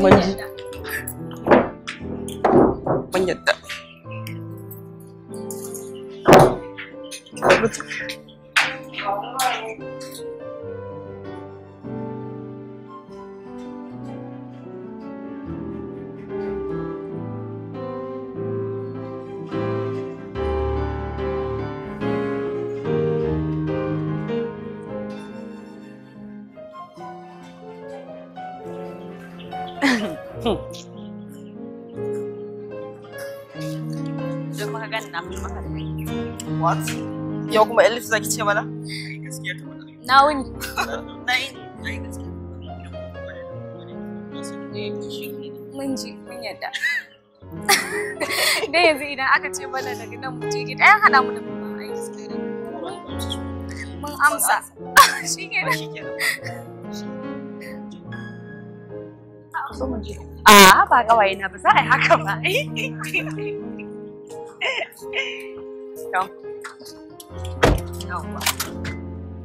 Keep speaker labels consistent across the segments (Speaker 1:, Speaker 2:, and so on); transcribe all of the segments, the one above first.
Speaker 1: mun ji
Speaker 2: mun yau kuma Elif zaki ce mana na wuni
Speaker 3: na yi mun ji mun yadda dai yanzu idan aka ce mana daga nan mu je gida ya hada mu da mun aiki mun amsa
Speaker 1: shikenan a ba kawai na ba za
Speaker 2: a yi haka ba yawwa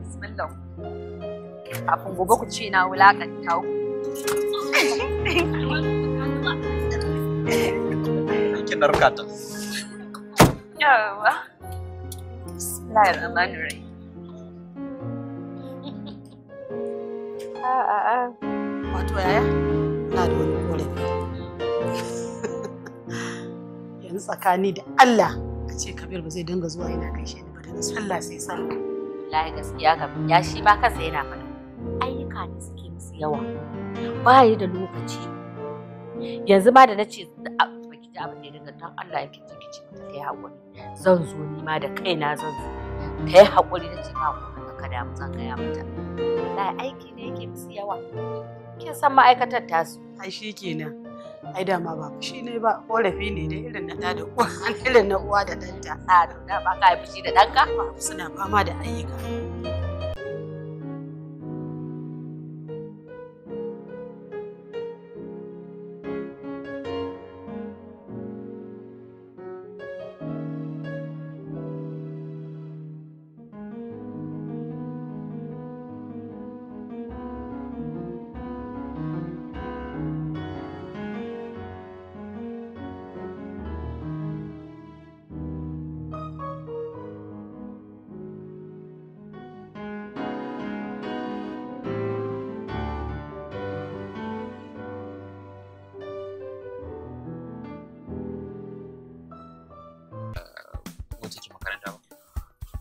Speaker 2: bismillah kafin gobe ku ce na wulakanta ku
Speaker 4: narka ta rahim
Speaker 3: ah, ah,
Speaker 5: ah. wato yaya na da wani
Speaker 6: yanzu tsakani da Allah a ce kabir ba zai dinga zuwa yana gaishe sallah sai sallah
Speaker 7: wallahi gaskiya ka ya shi ma kansa yana faɗa ayyuka ne suke musu yawa ba yi da
Speaker 1: lokaci yanzu ma da na ce
Speaker 7: baki ji abin da ya daga don Allah ya kici kici mata ta yi haƙuri zan zo ni ma da kaina zan zo ta yi haƙuri da ce ma ko ka damu zan gaya mata wallahi aiki ne yake musu yawa
Speaker 6: kin san ma'aikatar tasu ai shi kenan. ai dama ba fushi ne ba korafi ne da irin na ta da uwa irin na uwa da danta a da ba ka fushi da danka suna fama da ayyuka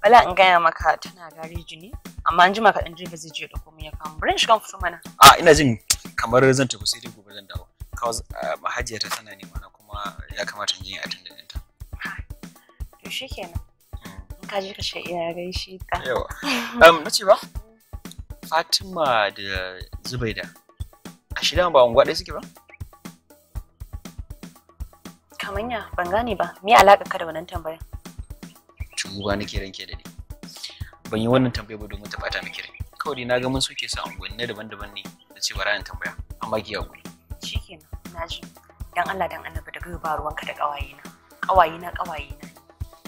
Speaker 2: bala in gaya maka tana gareji ne amma an jima kaɗan jirgin zai je da komai ya kama bari in shiga fito mana
Speaker 5: a ina jin kamar zan tafi sai dai gobe zan dawo kawai hajiya ta tana nema na kuma ya kamata in yi a tunda ta
Speaker 2: to shikenan hmm. in ka je ka ce iya shi ta yawa um nace ba
Speaker 5: Fatima da Zubaida a shida ba unguwa ɗaya suke ba
Speaker 2: kamanya ban gane ba me alaka ka da wannan tambayar
Speaker 5: na kiran ke da ni ban yi wannan tambayar ba domin ta bata mu rai kawai na ga mun ke sa unguwanni daban-daban ne da ce bara tambaya amma ki hakuri
Speaker 1: na ji
Speaker 2: dan Allah dan Annabi daga ba ruwanka da kawaye na kawaye na kawaye na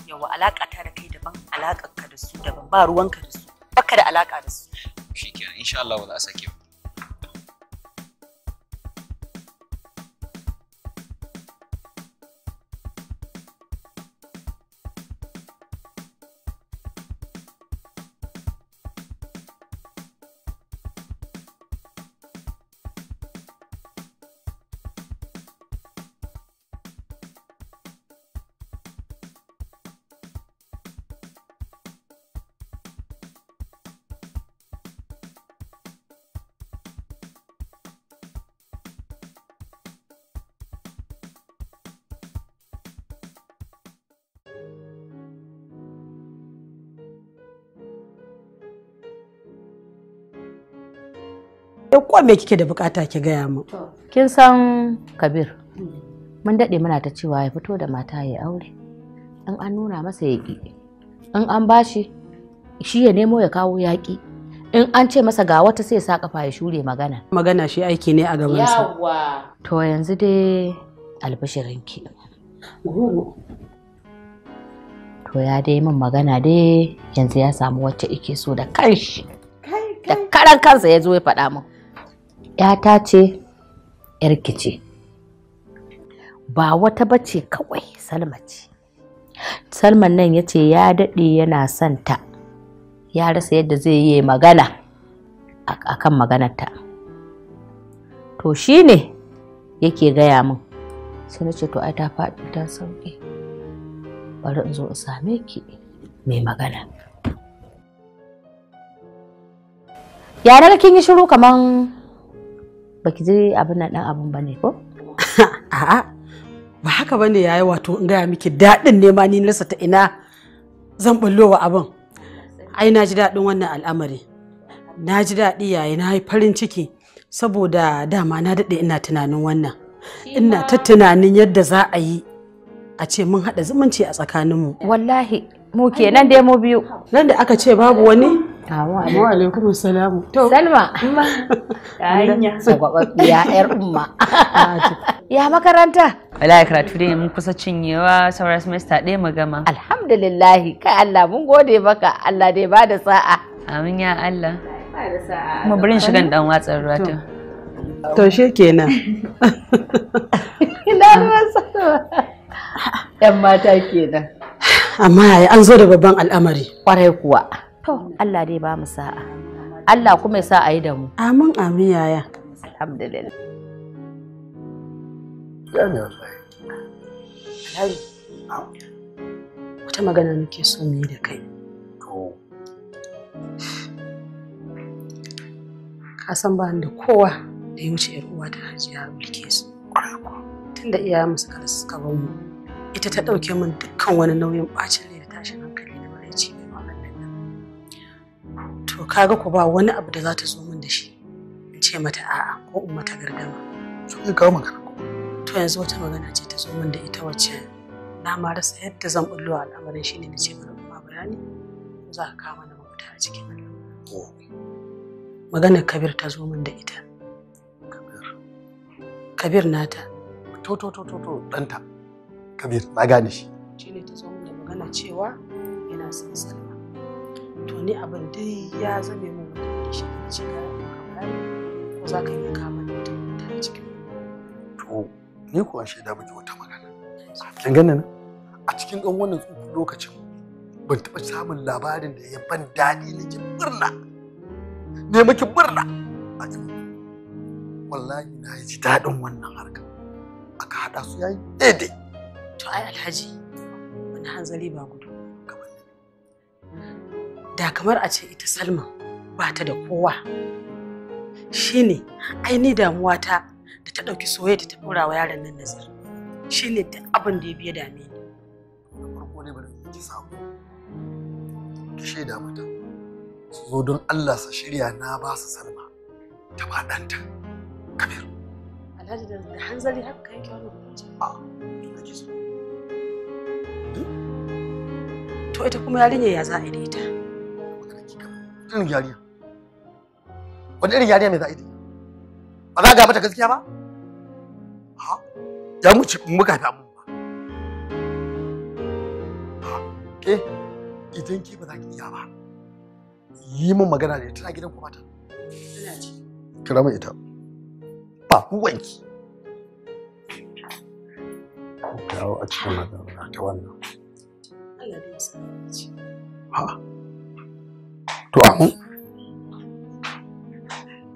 Speaker 2: yawa alaka ta da kai daban alakar ka da su daban ba ruwanka da su baka da alaka da su shikenan insha Allah wala asake ba
Speaker 6: ko me kike da bukata ki gaya mu
Speaker 7: kin san kabir mun dade muna ta cewa ya fito da mata ya aure in an nuna masa yaƙi in an bashi shi ya nemo ya kawo yaƙi in an ce masa ga wata sai sa kafa ya shure magana magana shi aiki ne a gaban sa yawa to yanzu dai ki to ya dai min magana dai yanzu ya samu wacce ike so da kanshi da karan kansa ya zo ya faɗa min 'yata ce ‘yarki ce ba wata bace kawai salma ce salman nan ya ce ya daɗe yana son ta ya rasa yadda zai yi magana a kan maganarta to shi ne yake gaya min sai ce to ai ta faɗi ta sauƙi bari in zo in same ki mai magana
Speaker 6: da kin yi shiru kaman baki je abin nan abun bane ko a'a ba haka ya yayi wato in gaya miki daɗin nema ni nasa ta ina zan bullowa abin ai na ji daɗin wannan al'amari na ji daɗi yayi na yi farin ciki saboda dama na daɗe ina tunanin wannan ina ta tunanin yadda za a yi a ce mun haɗa zumunci a tsakaninmu wallahi mu kenan dai mu biyu nan da aka ce babu wani Wa alaikum salamu. To.
Speaker 7: Salma. Ya hanya.
Speaker 2: Sagwababbiya
Speaker 7: yar umma. Ya makaranta.
Speaker 2: Wallahi karatu dai mun kusa cinyewa sauran semester ɗaya mu gama.
Speaker 7: Alhamdulillah kai Allah mun gode maka Allah dai ba da sa'a. Amin ya Allah. Ba da sa'a.
Speaker 6: Kuma birin shigan dan watsar ruwa to. To she kenan.
Speaker 7: Ina Yan mata kenan.
Speaker 6: Amma an zo da babban al'amari. Kwarai kuwa.
Speaker 7: To Allah dai ba mu sa'a. Allah kuma ya sa a yi da mu. Amin amin yaya. Alhamdulillah.
Speaker 4: Alhaji.
Speaker 6: Wata magana nake so mu yi da kai. Ka san ba da kowa da ya wuce uwa ta Hajiya Bilkisu. Tunda iyayen mu suka suka bar mu. Ita ta ɗauke min dukkan wani nauyin ɓacin to kaga ku ba wani abu da za ta zo min da shi in ce mata a'a ko in mata gargama sai kawo magana to yanzu wata magana ce ta zo min da ita wacce na ma rasa yadda zan bullo al'amarin shi ne na ce bari kuma bayani za ka kawo mana mafita a cikin magana kabir ta zo min da ita kabir nata to to to
Speaker 4: to danta kabir na gane shi
Speaker 6: shine ta zo min da magana cewa yana son sallah to abin dai ya zame min da shi ne ce ga
Speaker 4: ko za ka yi kama da ta cikin to ni ko an shaida miki wata magana kin ganna na a cikin dan wannan tsokon lokacin ban taɓa samun labarin da ya ban daɗi na ki murna ne miki murna a wallahi na ji daɗin wannan harka
Speaker 6: aka haɗa su yayi daidai to ai alhaji wani hanzari ba gudu da kamar a ce ita salma ba ta da kowa Shi shine aini damuwa ta da ta ɗauki soyayya ta ɗora wa yaron nan nazar Shi ne duk abin da ya biya dame ni farko ne bari ki sako ki shaida mata
Speaker 4: su zo don Allah sa shirya na ba su salma ta ba ɗanta
Speaker 6: kamar alhaji da hanzari haka kai
Speaker 1: ki wani gudanci
Speaker 6: a ki so to ita kuma yarinya ya za a ita irin yariya
Speaker 4: wani irin yariya mai za a yi ba za a ga ta gaskiya ba ha ya muci muka fi amin ba ha ke idan ke ba za ki iya ba yi min magana da tana gidan kuma ta kira mai ita ba kuwanki dawo a cikin magana ta wannan
Speaker 6: Allah da ya sani
Speaker 1: ha to amin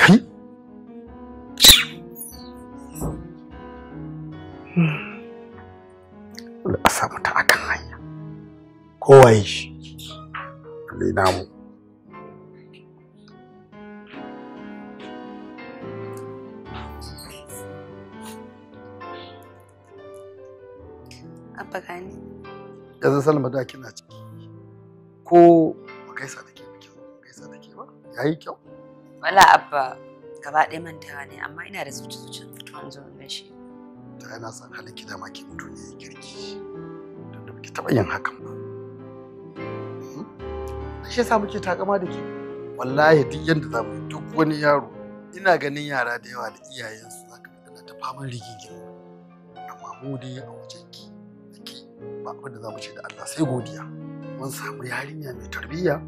Speaker 1: kai
Speaker 4: a samu ta akan hanya kowaye
Speaker 1: shi ne namu
Speaker 4: Abba gani. Yanzu Salma da kina ciki. Ko yi kyau
Speaker 2: wala abba gaba ɗaya mantawa ne amma ina da zuci zuci an zo da shi ta yana
Speaker 4: san halin da dama mutu ne kirki don da muke taɓa yin hakan ba hmm? shi yasa muke takama da ke. wallahi duk yanda za mu duk wani yaro ina ganin yara da yawa da iyayensu za ka ga ta faman rigingin. amma mu dai a wajen ki ki ba abin da za mu ce da Allah sai godiya mun samu yarinya mai tarbiyya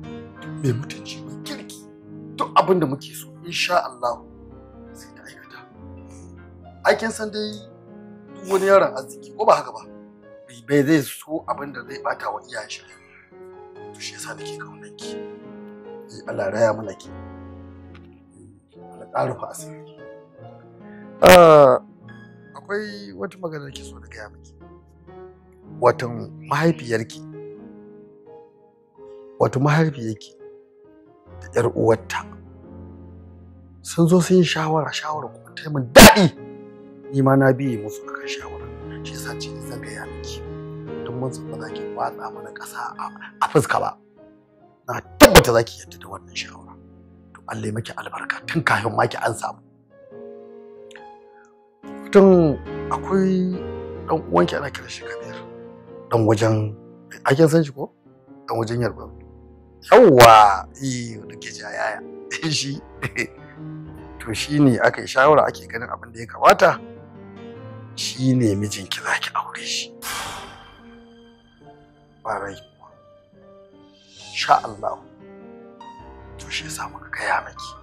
Speaker 4: mai mutunci abin da muke so insha Allah sai ta aikata aikin san dai duk wani yaron arziki ko ba haka ba bai zai so abin da zai bata wa iyayen shi to shi yasa nake kaunar ki eh, Allah raya mana ki Allah ƙara fa asiri ah, akwai wata magana da ke so na gaya miki watan mahaifiyarki wato mahaifiyarki da 'yar uwarta sun zo sun yi shawara shawara kuma ta min daɗi ni ma na biye musu akan shawara shi yasa ce zan ga ya miki don mun san ba za ki watsa mana ƙasa a fuska ba na tabbata za ki yadda da wannan shawara to Allah ya miki albarka tun kafin ma ki an samu tun akwai dan uwanki ana kira shi Kabir dan wajen a kin san shi ko dan wajen Yarba yawwa eh da ke jayaya shi to shine aka yi shawara ake ganin abin da ya kamata shine mijinki zaki aure shi barai sha Allah to shi yasa muka gaya miki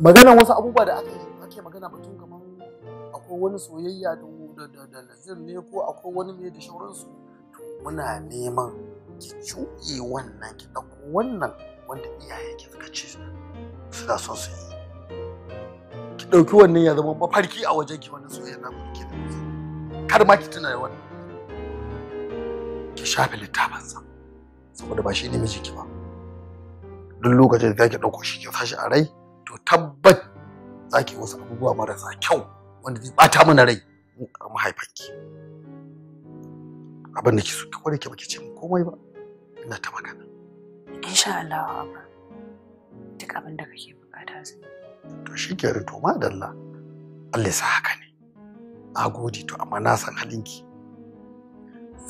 Speaker 4: maganan wasu abubuwa da aka yi ake magana batun kamar akwai wani soyayya da da da lazir ne ko akwai wani ne da shauransu muna neman ki cuɗe wannan ki ɗauko wannan wanda iyaye ki suka ce suna son su yi ɗauki wannan ya zama mafarki a wajen ki wannan soyayya na ku ke da kar ma ki tuna da wannan ki shafe littafansa saboda ba shi ne miji ki ba duk lokacin da zaki ɗauko shi ki sashi a rai to tabbat zaki wasu abubuwa marasa kyau wanda zai bata mana rai a mahaifanki abin da ki so kawai ki baki ce komai ba ina ta magana
Speaker 2: insha Allah duk abin da kake bukata
Speaker 6: zai
Speaker 4: to shi ke to ma dalla Allah sa haka ne na gode to amma na san halinki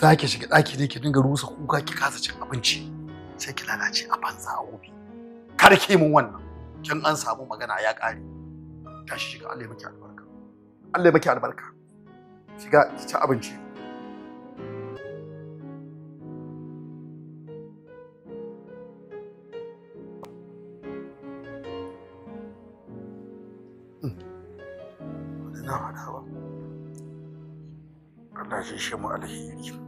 Speaker 4: za ki shiga ɗaki ne ki dinga rusa kuka ki kasa cin abinci sai ki lalace a banza a gobe kar ki mun wannan kin an samu magana ya ƙare tashi shiga Allah ya maki albarka Allah ya maki albarka shiga ki ci abinci
Speaker 1: na faɗa Allah shi shi mu alheri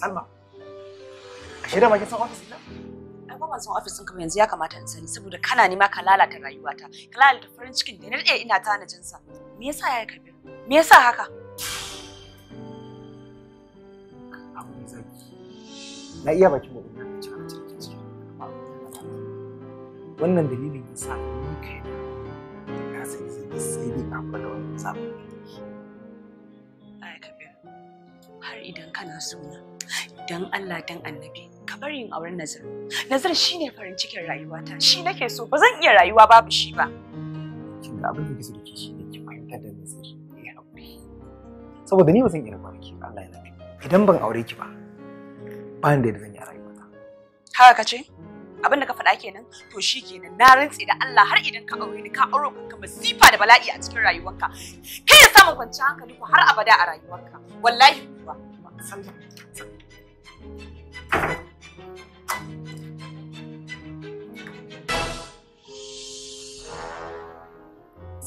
Speaker 4: Salma, ashe da ma kin san
Speaker 2: ofis azumin ofis ɗinka yanzu ya kamata in sani saboda kana nema ka lalata rayuwata ka lalata farin cikin da na daɗe ina tanajin sa me yasa ya kabir me yasa haka
Speaker 4: abin zaki na iya bakin gobe na ci abinci da ke ciki wannan dalilin ya sa ni kai na san zai sai dai kafa da wannan sabon
Speaker 2: ai kabir har idan kana suna dan Allah dan annabi taɓa auren nazar nazar shi ne farin cikin rayuwata, shi nake so, ba zan iya rayuwa babu shi ba.
Speaker 4: Kin ga abin da kike da ke shi ne ki fahimta da nazar ya haƙuri. Saboda ni ba zan iya rayuwa ki Allah ya rabe. Idan ban aure ki ba, ba ni da zan yi rayuwata.
Speaker 2: Haka ka ce? Abin da ka faɗa kenan, to shi kenan na rantse da Allah har idan ka aure ni ka aure kanka masifa da bala'i a cikin rayuwanka. Kai ya samu kwanciyar hankali ko har abada a rayuwarka. Wallahi kuwa.
Speaker 1: Sallah. Thank you.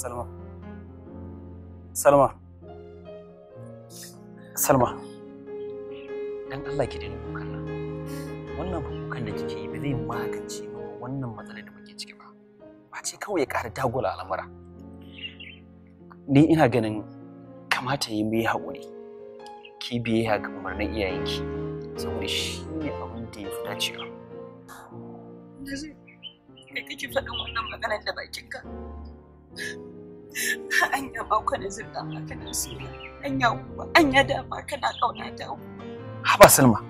Speaker 3: Salma. Salma.
Speaker 4: Salma. Dan Allah ki daina kukan nan. Wannan kukan da kike yi ba zai magance ba wannan matsalar da muke ciki ba. Ba ce kawai ya ƙara dagula al'amura. Ni ina ganin kamata yi mai haƙuri. Ki biye ga umarnin iyayenki. Saboda shi ne abin da ya fi dacewa.
Speaker 2: Nazir, kai kake faɗin wannan maganar da bakinka. anya bakwai da zirga maka kana so anya kuwa anya dama kana kauna ta
Speaker 4: haba salma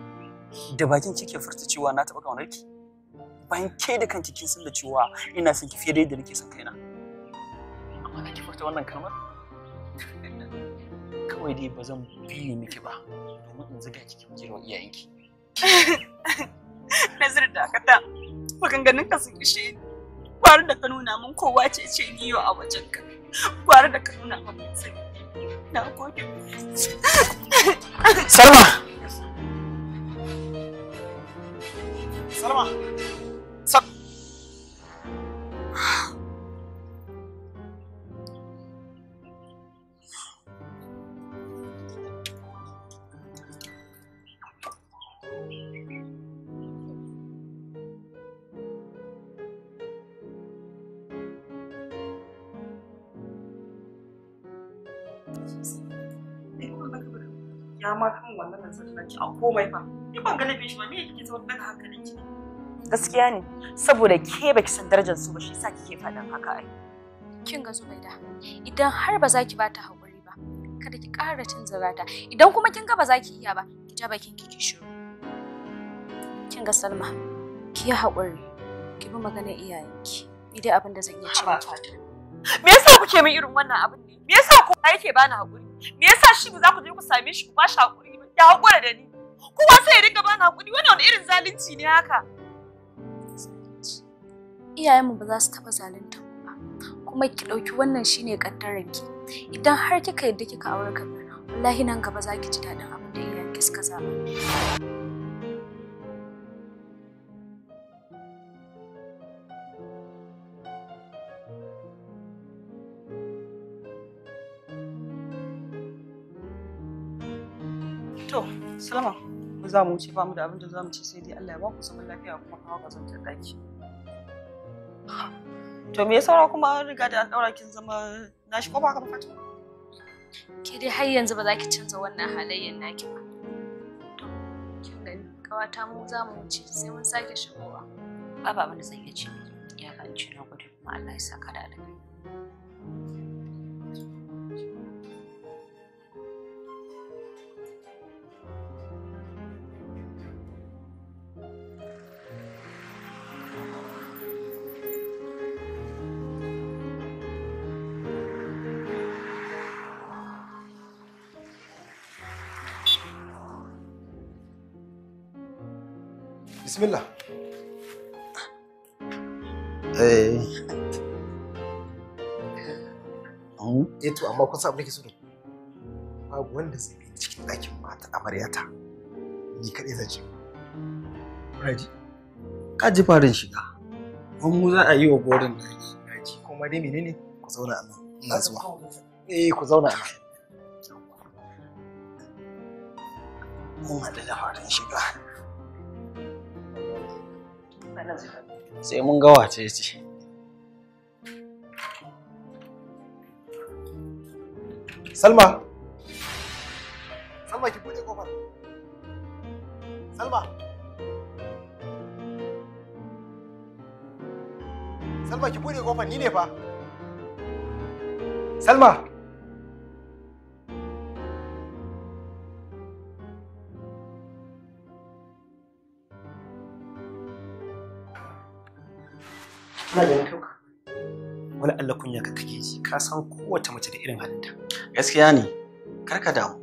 Speaker 4: da bakin kike furta cewa na
Speaker 2: taba kaunar ki bayan ke da kanki kin san da cewa ina son ki fiye da yadda nake son kaina
Speaker 4: amma kake furta wannan kalmar kawai dai ba zan ni miki ba domin in zuga cikin jirwa iyayenki
Speaker 2: nazar da ka ta maganganun ka sun ishe ni da ka nuna min kowa ce ce ni a wajen ka gwara da ka nuna min sani na gode
Speaker 1: salma salma
Speaker 2: ki a komai fa ni ban shi ba me kike saurin ki gaskiya ne saboda ke baki san darajar su ba shi
Speaker 3: yasa kike fadan haka ai kin ga Zubaida idan har ba za ki bata hakuri ba kada ki ƙara cin zarata idan kuma kin ga ba za ki iya ba ki ja bakin ki ki shiru kin ga Salma ki yi hakuri ki bi maganar iyayenki ni dai abin da zan iya ce fata.
Speaker 2: me yasa kuke min irin wannan abin ne me yasa kowa yake bani hakuri me yasa shi ba za ku je ku same shi ku ba shi hakuri ya haƙura da ni kowa sai ya dinga ba na kuɗi wannan wani irin zalunci ne haka
Speaker 3: iyayenmu ba za su taɓa zalunta ba kuma ki ɗauki wannan shine ƙaddaranki idan har kika yadda kika aure kan wallahi nan gaba za ki ji daɗin abin da iyayenki suka
Speaker 1: zaɓa
Speaker 6: salama mu za mu wuce ba mu da abin da za mu ci sai dai Allah ya ba ku zaman
Speaker 2: lafiya kuma kawo ba zan daki to me yasa kuma an riga da an daura kin zama nashi ko ba ka fata ke dai har yanzu ba za ki canza wannan halayyar
Speaker 3: naki ba to kin gani kawata mu za mu wuce sai mun sake shigowa ba ba abin da zan iya ci ya kan ci na gudu kuma Allah ya saka da alheri.
Speaker 4: bismillah eh eh to amma kun samu nake so babu wanda zai bi cikin ɗakin mata amaryata ni kaɗai zan shiga Raji ka ji farin shiga kuma mu za a yi wa gorin da yake ko kuma dai menene ku zauna a nan ina zuwa eh ku zauna a
Speaker 1: nan
Speaker 5: mun haɗu da farin shiga sai mun ga wace ce Salma
Speaker 4: Salma ki bude kofar Salma Salma ki bude kofar ni ne fa Salma Wani Allah kunya
Speaker 5: ka kake ji, ka san kowace mace da irin halinta. Gaskiya ne, kar ka damu.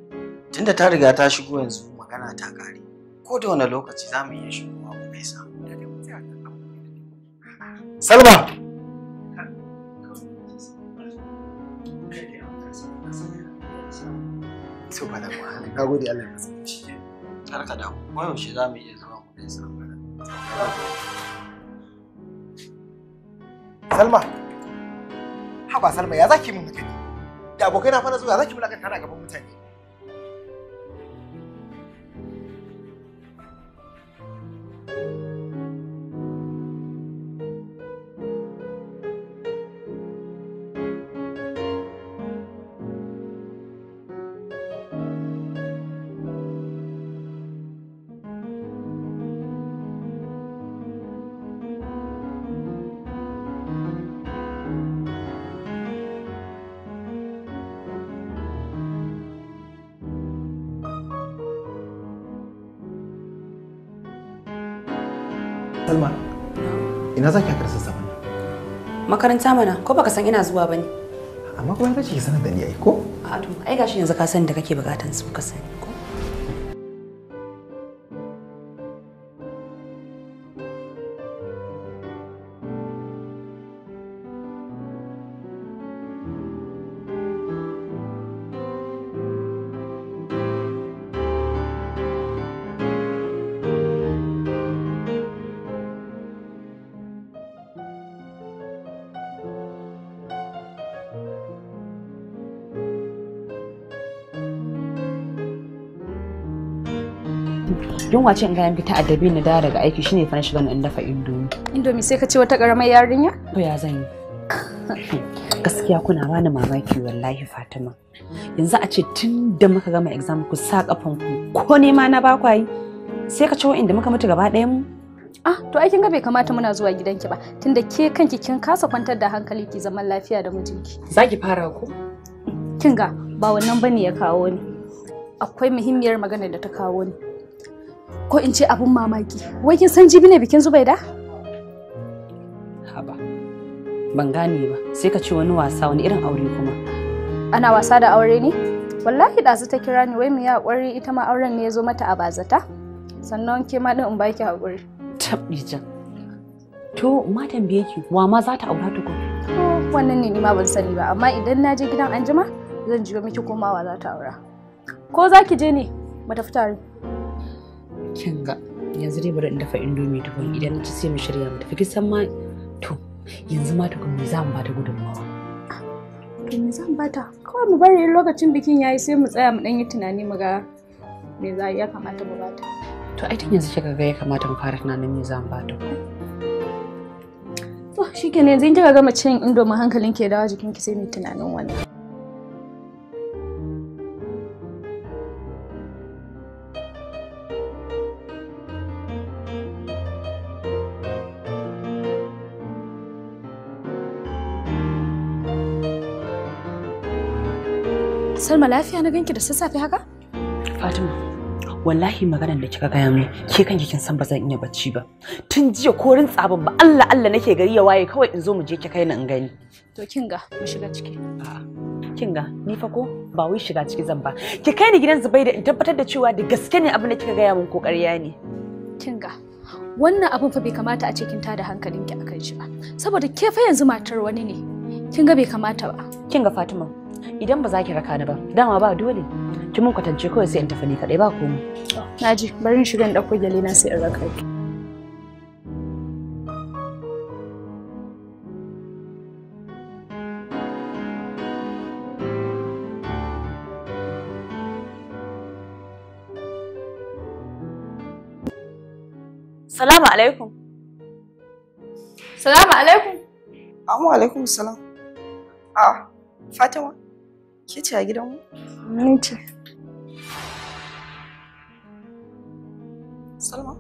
Speaker 5: Tunda ta riga ta shigo yanzu magana ta kare. Ko da wani lokaci za mu iya shigowa mu gaisa.
Speaker 1: Salma! So ba da
Speaker 4: wahala, na gode Allah ya kasance.
Speaker 5: Kar ka damu, koyaushe za mu iya zuwa mu gaisa.
Speaker 4: Salma. Haba Salma ya zaki mun mutane. Da abokai na fara zuwa zo ya zaki mulaka kana gaban mutane. ina zaki haka sassafe
Speaker 2: makaranta mana ko baka san ina zuwa bane amma kuma ka dace ki sanar da ni ai ko a to ai gashi yanzu ka san da kake bukatan su ka sani ko don wace in ga fita a na da daga aiki shine fa na shiga na dafa indomi
Speaker 3: indomi sai ka ce wata karamar yarinya
Speaker 2: to ya zan yi gaskiya kuna bani mamaki wallahi fatima yanzu a ce tun da muka gama exam ku sa kafan ku ko ne ma na ba kwayi sai ka ce inda muka mutu gaba ɗayan mu
Speaker 3: ah to ai kin ga bai kamata muna zuwa gidanki ba tunda ke kanki kin kasa kwantar da hankali ki zaman lafiya da mijinki zaki fara ko kin ga ba wannan bane ya kawo ni akwai muhimmiyar magana da ta kawo ni ko in ce abun mamaki wai kin san jibi ne bikin zubaida
Speaker 2: haba ban gane ba sai ka ce wani wasa wani irin aure kuma
Speaker 3: ana wasa da aure ne wallahi ɗazu ta kira ni wai mu ya kwari ita ma auren ne ya zo mata a bazata sannan ke ma din in baki haƙuri
Speaker 2: tabbija to ma tambaye ki wa ma za ta aura ko
Speaker 3: wannan ne ni ma ban sani ba amma idan na je gidan anjima zan jiyo miki komawa za ta aura ko za ki je ne mu tafi tare
Speaker 2: kin ga yanzu dai bari in dafa indomi tukun idan ci sai mu shirya mu tafi kisan ma to yanzu ma tukun mu za mu bata gudunmawa
Speaker 3: to me za mu bata kawai mu bari lokacin bikin yayi sai mu tsaya mu dan yi tunani mu ga me za ya kamata mu bata to ai tun
Speaker 2: yanzu kika ga ya kamata mu fara tunanin me za mu bata ko
Speaker 3: to shikenan yanzu in kika gama cin indomi hankalin ke dawo jikin ki sai mu tunanin wannan Salma lafiya na ganki da sassafe haka?
Speaker 2: Fatima, wallahi maganar da kika gaya min ke kanki kin san ba zan iya bacci ba. Tun jiya korin tsabin ba Allah Allah nake gari ya waye kawai in zo mu je ki kai in gani.
Speaker 3: To kinga mu shiga ciki.
Speaker 2: Kinga ni fa ko ba wai shiga ciki zan ba. Ki kai ni gidan Zubaida in tabbatar da cewa da gaske ne abin da kika gaya min ko ƙarya ne.
Speaker 3: Kinga wannan abin fa bai kamata a ce kin tada hankalinki akan shi ba. Saboda ke fa yanzu matar wani ne. Kinga bai kamata ba. Kinga Fatima
Speaker 2: idan ba za ki raka ni ba dama ba dole ki mun kwatance kawai sai in tafi ni kadai ba komai
Speaker 3: naji bari in shiga in dauko gyale na sai in raka ki
Speaker 2: Salamu alaikum. Salamu alaikum. Amma alaikum salam. Ah, Fatima. Ke ce a mu? Ni ce. Salma?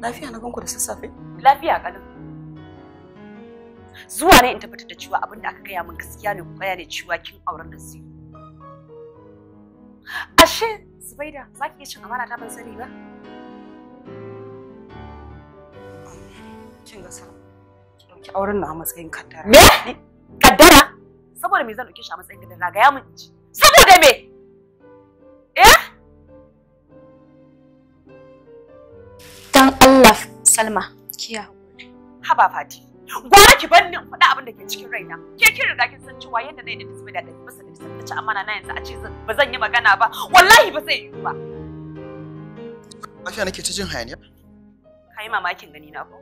Speaker 2: Lafiya na ganku da sassafe? Lafiya kalin. Zuwa ne in tabbatar da cewa abin da aka gaya min gaskiya ne kuma ne cewa kin auren da su. Ashe, Zubaida, za ki iya cin amana ta ban sani ba? Kin ga Salma,
Speaker 6: ki ɗauki auren na a matsayin kaddara.
Speaker 1: Me? Kaddara?
Speaker 2: saboda me zan dauke shi a matsayin gidan raga ya mun ci saboda me eh
Speaker 3: dan Allah Salma kiya
Speaker 2: haba fati gwara ki bar in faɗa abin da ke cikin raina ke kin riga kin san cewa yadda na yi da da ɗari masa da tisbi ta ci amana na yanzu a ce ba zan yi magana ba wallahi ba zai yiwu ba
Speaker 4: lafiya nake ta jin hayaniya
Speaker 2: ka yi mamakin gani na ko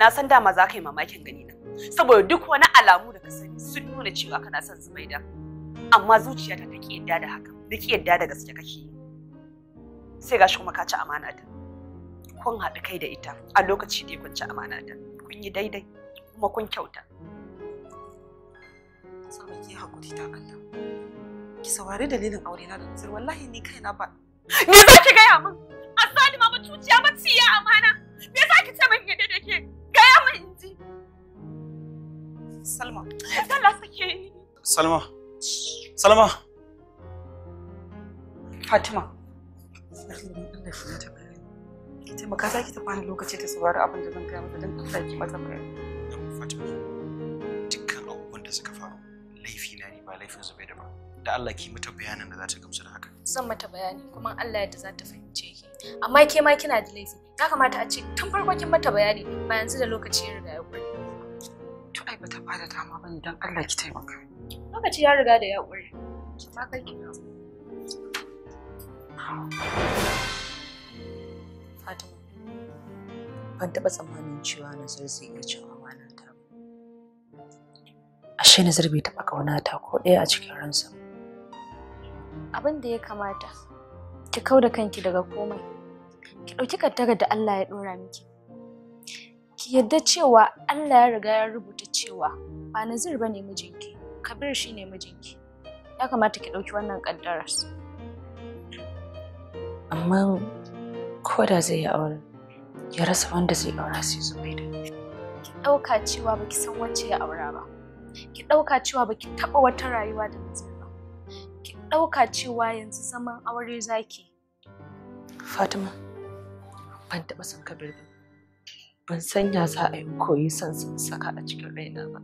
Speaker 2: na san dama za ka yi mamakin gani na saboda duk wani alamu da ka sani sun nuna cewa kana son zubaida amma zuciyata ta ki yadda da haka da ki yadda da gaske kake yi sai gashi kuma ka ci amana ta kun haɗu kai da ita a lokaci da kun ci amana ta kun yi daidai kuma kun kyauta saboda ki hakuri ta Allah ki saurari dalilin aure na da nazar wallahi ni kaina ba me za ki gaya min azalima ba cuciya ba ciya amana me za ki ce min yadda da ke gaya min in ji Salma.
Speaker 5: Salma.
Speaker 6: Salma. Fatima.
Speaker 2: Ki taimaka za ki tafi lokaci ta saurari abin da zan kai don ki mata bayani.
Speaker 5: Fatima. Dukkan abubuwan da suka faru laifi na ne ba laifin ba. Da Allah ki mata bayanin da za ta gamsu da haka.
Speaker 3: Zan mata bayani kuma Allah yadda za ta fahimce Amma ke kina da laifi. Ya kamata a ce tun farko kin mata bayani ba yanzu da lokaci ba ta bada dama ba don Allah ki taimaka. Lokaci ya riga da ya ƙure.
Speaker 1: Ki ta kai ki Fatima,
Speaker 2: ban taɓa tsammanin cewa Nazar zai iya cewa amana ta ba. Ashe Nazar bai taɓa ƙauna ta ko ɗaya a cikin ransa.
Speaker 3: Abin da ya kamata, ki kau da kanki daga komai. Ki ɗauki kaddara da Allah ya ɗora miki. yadda cewa Allah ya riga ya rubuta cewa ba Nazir ba ne mijinki, Kabir shi ne mijinki. Ya kamata ki ɗauki wannan kaddaras.
Speaker 2: Amma ko da zai yi aure, ya rasa wanda zai aura sai Zubaida.
Speaker 3: Ki ɗauka cewa baki san wacce ya aura ba. Ki ɗauka cewa baki taɓa wata rayuwa da Nazir ba. Ki ɗauka cewa yanzu zaman aure zaki.
Speaker 2: Fatima, ban taɓa son Kabir ba. ban san ya za a yi koyi son
Speaker 3: saka a cikin raina ba.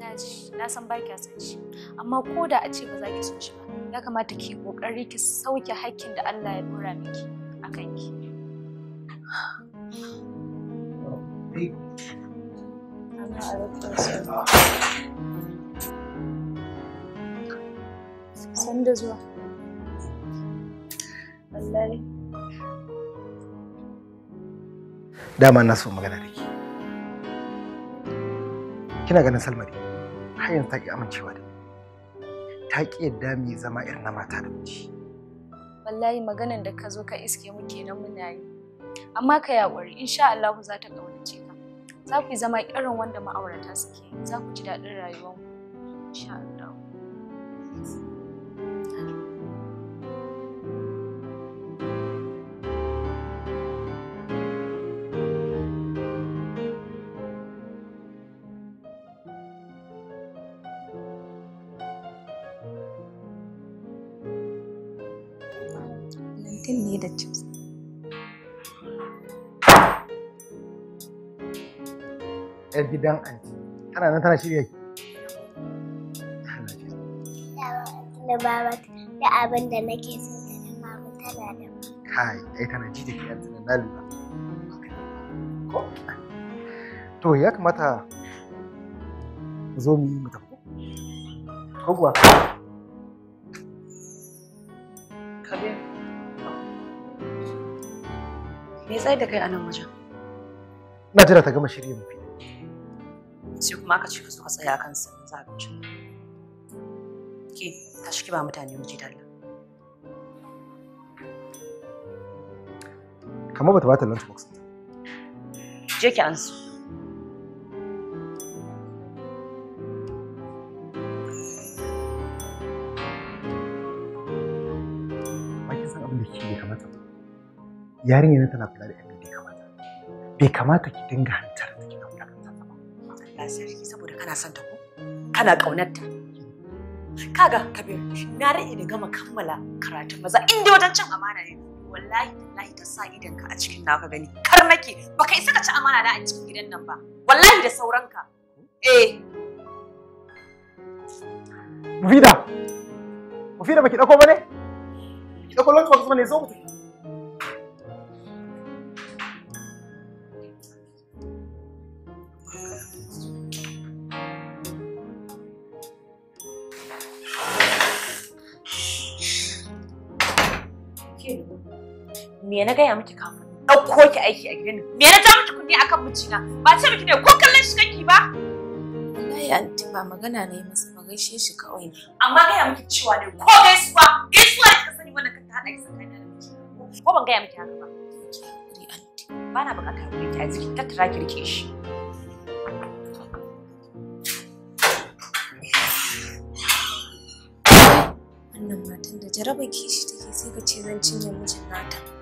Speaker 3: Na ji, na san ba kya san shi, amma ko da a ce ba za ki so shi ba, ya kamata ki kokari ki sauke hakkin da Allah ya dora miki a
Speaker 1: kanki.
Speaker 4: dama na so magana da ke kina ganin salmari har yanzu ta ki amincewa da ta ki yadda mu zama irin na mata da miji
Speaker 3: wallahi maganan da ka zo ka iske mu kenan muna yi amma ka yaƙuri insha Allah za ta kaunace ka za ku zama irin wanda ma'aurata suke za ku ji daɗin rayuwar insha Allah
Speaker 4: 'yar gidan anti ana nan tana shirya
Speaker 1: da baba da abin da nake
Speaker 4: kai ai tana ji da na lura to ya
Speaker 5: kamata zo mu yi ko kuwa
Speaker 2: me tsaye da kai a nan wajen
Speaker 4: na jira ta gama shirya mu
Speaker 2: sai kuma aka ce ka suka tsaya kan sanin za ke ci ki ta shi ba mutane miji dalla
Speaker 4: kamar ba ta ba ta lunch box je ki an su yarinya na tana kula da abin da ya kamata bai kamata ki dinga hannu
Speaker 2: kana son ta ko kana ƙaunar ta kaga kabir na rage da gama kammala karatun maza inda wajen cin amana ne wallahi wallahi ta sa ka a cikin naka gani kar nake baka isa ka ci amana na a cikin gidan nan ba wallahi da sauranka eh
Speaker 4: Mufida Mufida baki dako bane dako lokacin ba ne zo ku tafi
Speaker 1: me
Speaker 2: gaya miki kafin ɗauko ki aiki a gidan me na ja miki kuɗi akan mijina ba ce miki ne ko kallon shi
Speaker 3: kake ba wallahi anti ba magana ne masa ba gaishe shi kawai amma gaya miki cewa ne ko gaisuwa gaisuwa ne ka sani wannan ka ta haɗa ki da ko ban gaya miki haka ba
Speaker 2: ki anti ba na buƙatar hakuri ta ciki tattara ki shi wannan matan da jarabar kishi take sai ka ce zan cinye mijin nata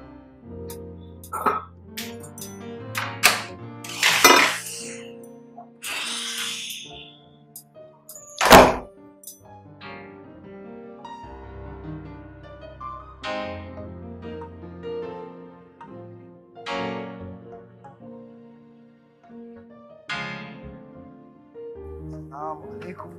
Speaker 1: Assalamu alaikum.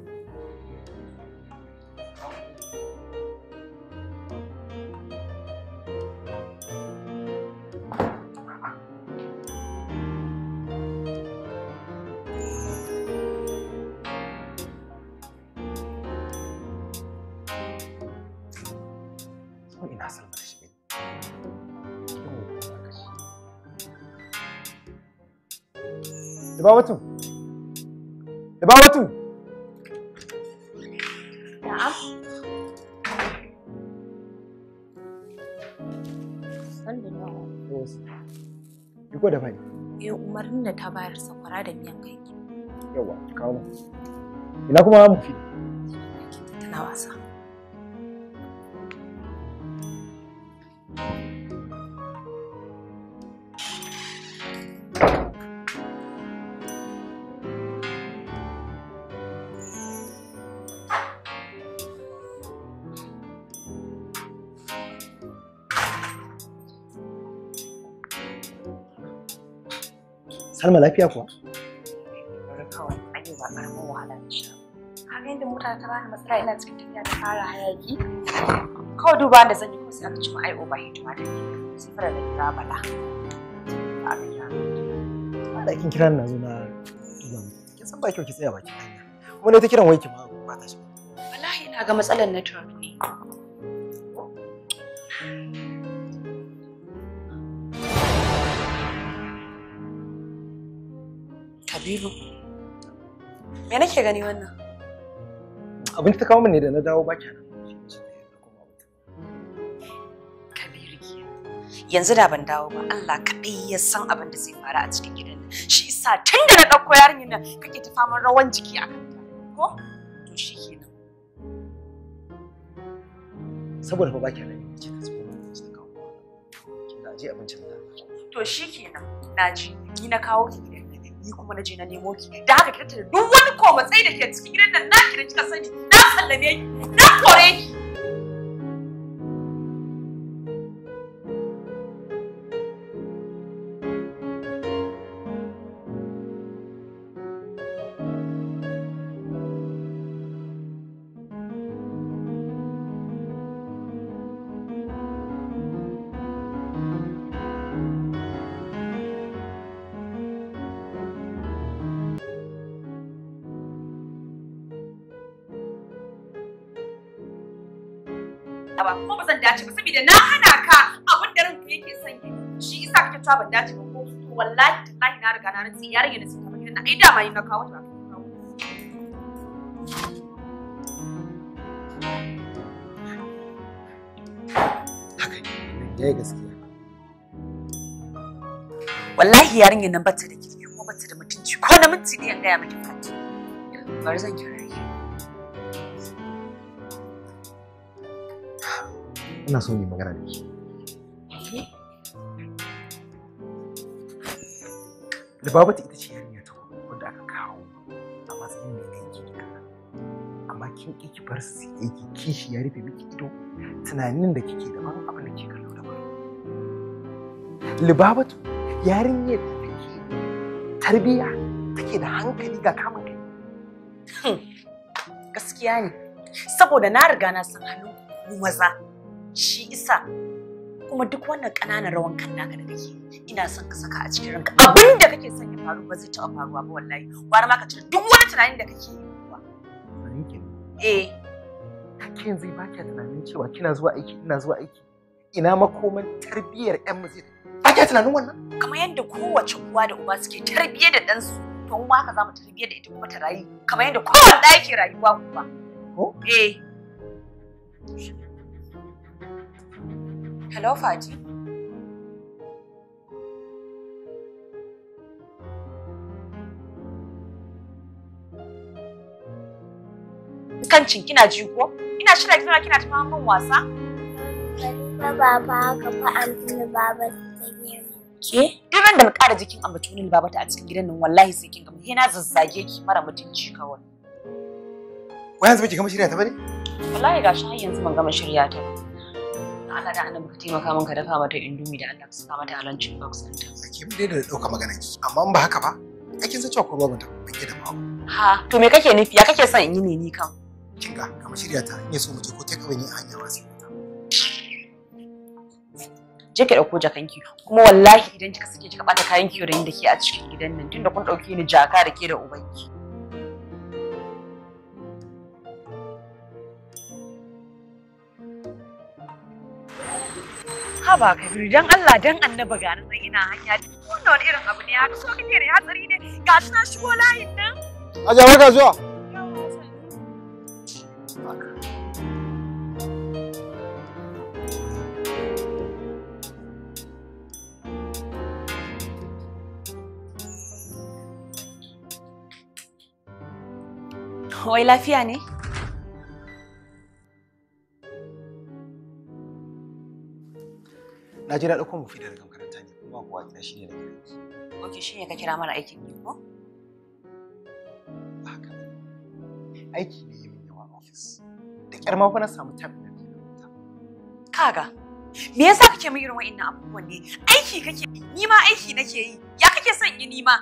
Speaker 4: Ibawatu. Ibawatu. ko da fari eh
Speaker 2: umarnin da ta bayar sakwara da miyan kai
Speaker 4: yawa kawo ina kuma mu fi Salma lafiya kuwa?
Speaker 2: Kawai
Speaker 3: ai mota ta bani matsala ina cikin tafiya ta fara
Speaker 2: hayaki. Kawai duba da zan yi kusa sai aka da ke. fara da kira bala. Ba ka
Speaker 4: kira. Ba da kin san ba kyau ki tsaya baki hanya. ne ta kiran ma
Speaker 2: ba ta shi. Wallahi na ga matsalar network ne. Habibu. Me nake gani wannan?
Speaker 4: Abinci ta kawo min ne da na dawo ba kenan.
Speaker 2: Yanzu da ban dawo ba Allah kaɗai ya san abin da zai faru a cikin gidan nan. Shi yasa tun da na ɗauko yarinyar nan kake ta faman rawan jiki a kanta. Ko? To shi kenan.
Speaker 4: Saboda ba baki rabi ce ta
Speaker 2: zuwa ta kawo. Kin da aje abincin da. To shi Na ji ni na kawo ki ni kuma na je na nemo ki da haka ki tattara duk wani matsayi da ke cikin gidan nan na ki da kika sani na sallame ki na kore ki kuma ba zan dace ba saboda na hana ka abin da ranka yake son yi shi isa kake ban dace ba ko wallahi tallahi na riga na rantsi yarinya da suka bayyana ai da mai na kawo ta yayi gaskiya wallahi yarinyar nan bata da kirki kuma bata da mutunci ko na ne
Speaker 1: an gaya miki fati bari zan kira
Speaker 4: ina so ne magana da ke da ita ce yarinya ta wanda aka kawo a matsayin mai aiki da kana amma kin ki bar su aiki kishi ya rufe miki ido tunanin da kike daban abin da ke kallo da daban Lubabatu yarinya da take tarbiya take da
Speaker 2: hankali ga kamun kai gaskiya ne saboda na riga na san hannu, ku maza shi isa kuma duk wannan ƙananan rawan kan naka da kake ina son ka saka a cikin ranka abin da kake son ya faru ba zai taɓa faruwa ba wallahi gwara ma ka cire duk wani tunanin da kake yi kuwa
Speaker 4: eh kake yanzu ba kya tunanin cewa kina zuwa aiki ina zuwa aiki ina makoman tarbiyyar ƴan mu zai ba ka tunanin wannan
Speaker 2: kamar yadda kowace uwa da uba suke tarbiyyar da ɗansu to mu haka mu tarbiyyar da ita kuma ta rayu kamar yadda kowace ɗaya ke rayuwa kuma ko eh Hello, Fati. Kancin kina ji ko? Ina shirya kina kina ta min wasa? Ba baba haka fa an tuni baba ta yi ke? Duk da mu ƙara jikin ambatunin baba ta a cikin gidan nan wallahi sai kin gama sai na zazzage ki mara mutunci kawai.
Speaker 4: Wai yanzu baki gama shirya ta bane?
Speaker 2: Wallahi gashi har yanzu ban gama shirya ta ba. Allah da annabi ka taimaka min ka dafa mata indomie da Allah ka saka
Speaker 4: mata a lunch box ɗinta. Kin daina da ɗauka magana ki amma in ba haka ba kin san cewa ko babu ban ki da babu. Ha to
Speaker 2: me kake nufi ya kake son in yi ne ni kan? Kinga,
Speaker 4: ga kamar shirya ta in so mu je ko take away ne a hanya ba
Speaker 2: Je ki ɗauko jakanki kuma wallahi idan kika sake kika ɓata kayan kiwo da ni da ke a cikin gidan nan tunda kun ɗauke ni jaka da ke da ubanki. haba kabiru dan Allah dan annaba ga nan ina hanya wanda wani irin abu ne haka so kike ne hatsari ne ga shi na shigo layin nan
Speaker 5: a jawar zuwa.
Speaker 2: Wai lafiya ne?
Speaker 4: na je na ɗauko mu fida daga makaranta
Speaker 5: ne kuma kuwa gida shi ne da aiki. Ok shi ne ka kira mara aikin ne ko?
Speaker 4: Haka aiki ne yi min yawa ofis da ƙyar ma na samu tab da ke rubuta. Kaga
Speaker 2: me yasa kake min irin wa'annan abubuwan ne aiki kake yi ni ma aiki nake yi ya kake son yi ni ma.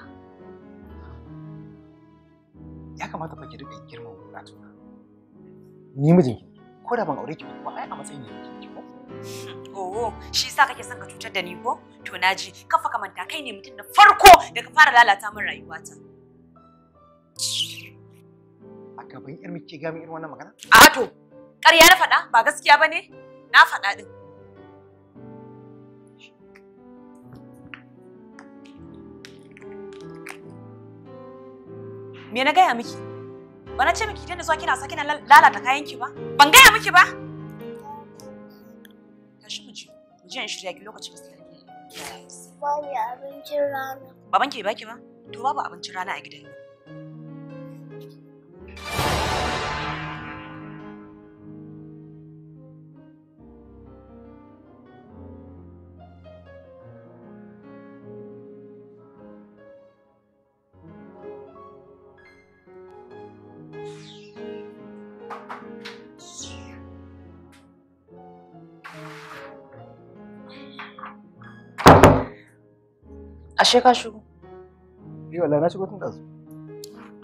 Speaker 4: Ya kamata fa ki riƙa girman buƙatuna. Ni mijinki ko da ban aure ki ba ai a matsayin yanki.
Speaker 2: Oh, shi yasa kake son ka cutar da ni ko? To naji, kafa ka manta kai ne mutum na farko da ka fara lalata min rayuwata.
Speaker 4: A gaban irmi ke ga irin wannan magana? A to,
Speaker 2: ƙarya na faɗa ba gaskiya ba ne? Na faɗa din. Me na gaya miki? Ba na ce miki idan da zuwa kina sa kina lalata kayanki ba? Ban gaya miki ba? jiyan shirya ki lokacin masu tarbiyya.
Speaker 1: Babu abincin rana.
Speaker 2: Babanki bai baki ba? To babu abincin rana a gidan.
Speaker 4: Ashe ka shigo? Yi eh, wallahi na shigo tun da su.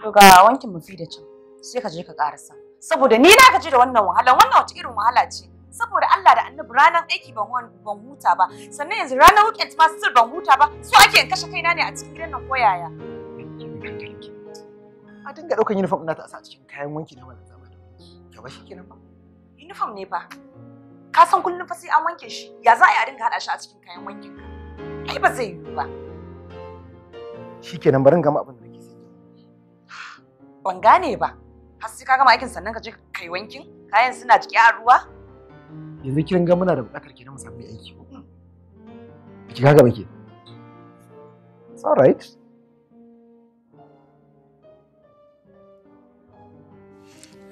Speaker 2: To ga wankin mafi da can sai ka je ka karasa. Saboda ni na gaji da wannan wahala wannan wata irin wahala ce. Saboda Allah da annabi ranar aiki ban ban huta ba sannan yanzu ranar weekend ma still ban huta ba so ake in kashe kaina ne a cikin gidan nan koyaya. A dinga
Speaker 4: ɗaukan uniform ina ta a cikin kayan wanki na wannan zamanin. Gaba shi kina ba.
Speaker 2: Uniform ne ba. Ka san kullum fa sai an wanke shi ya za a yi a dinga haɗa shi a cikin kayan wankin ka. Ai ba zai yi ba.
Speaker 4: shikenan barin gama abin da nake so ban gane ba
Speaker 2: har sai ka gama aikin sannan ka je kai wankin kayan suna jike a
Speaker 3: ruwa
Speaker 4: yanzu kin ga muna da bukatar kenan na musamman aiki ki ga gaba ke it's all right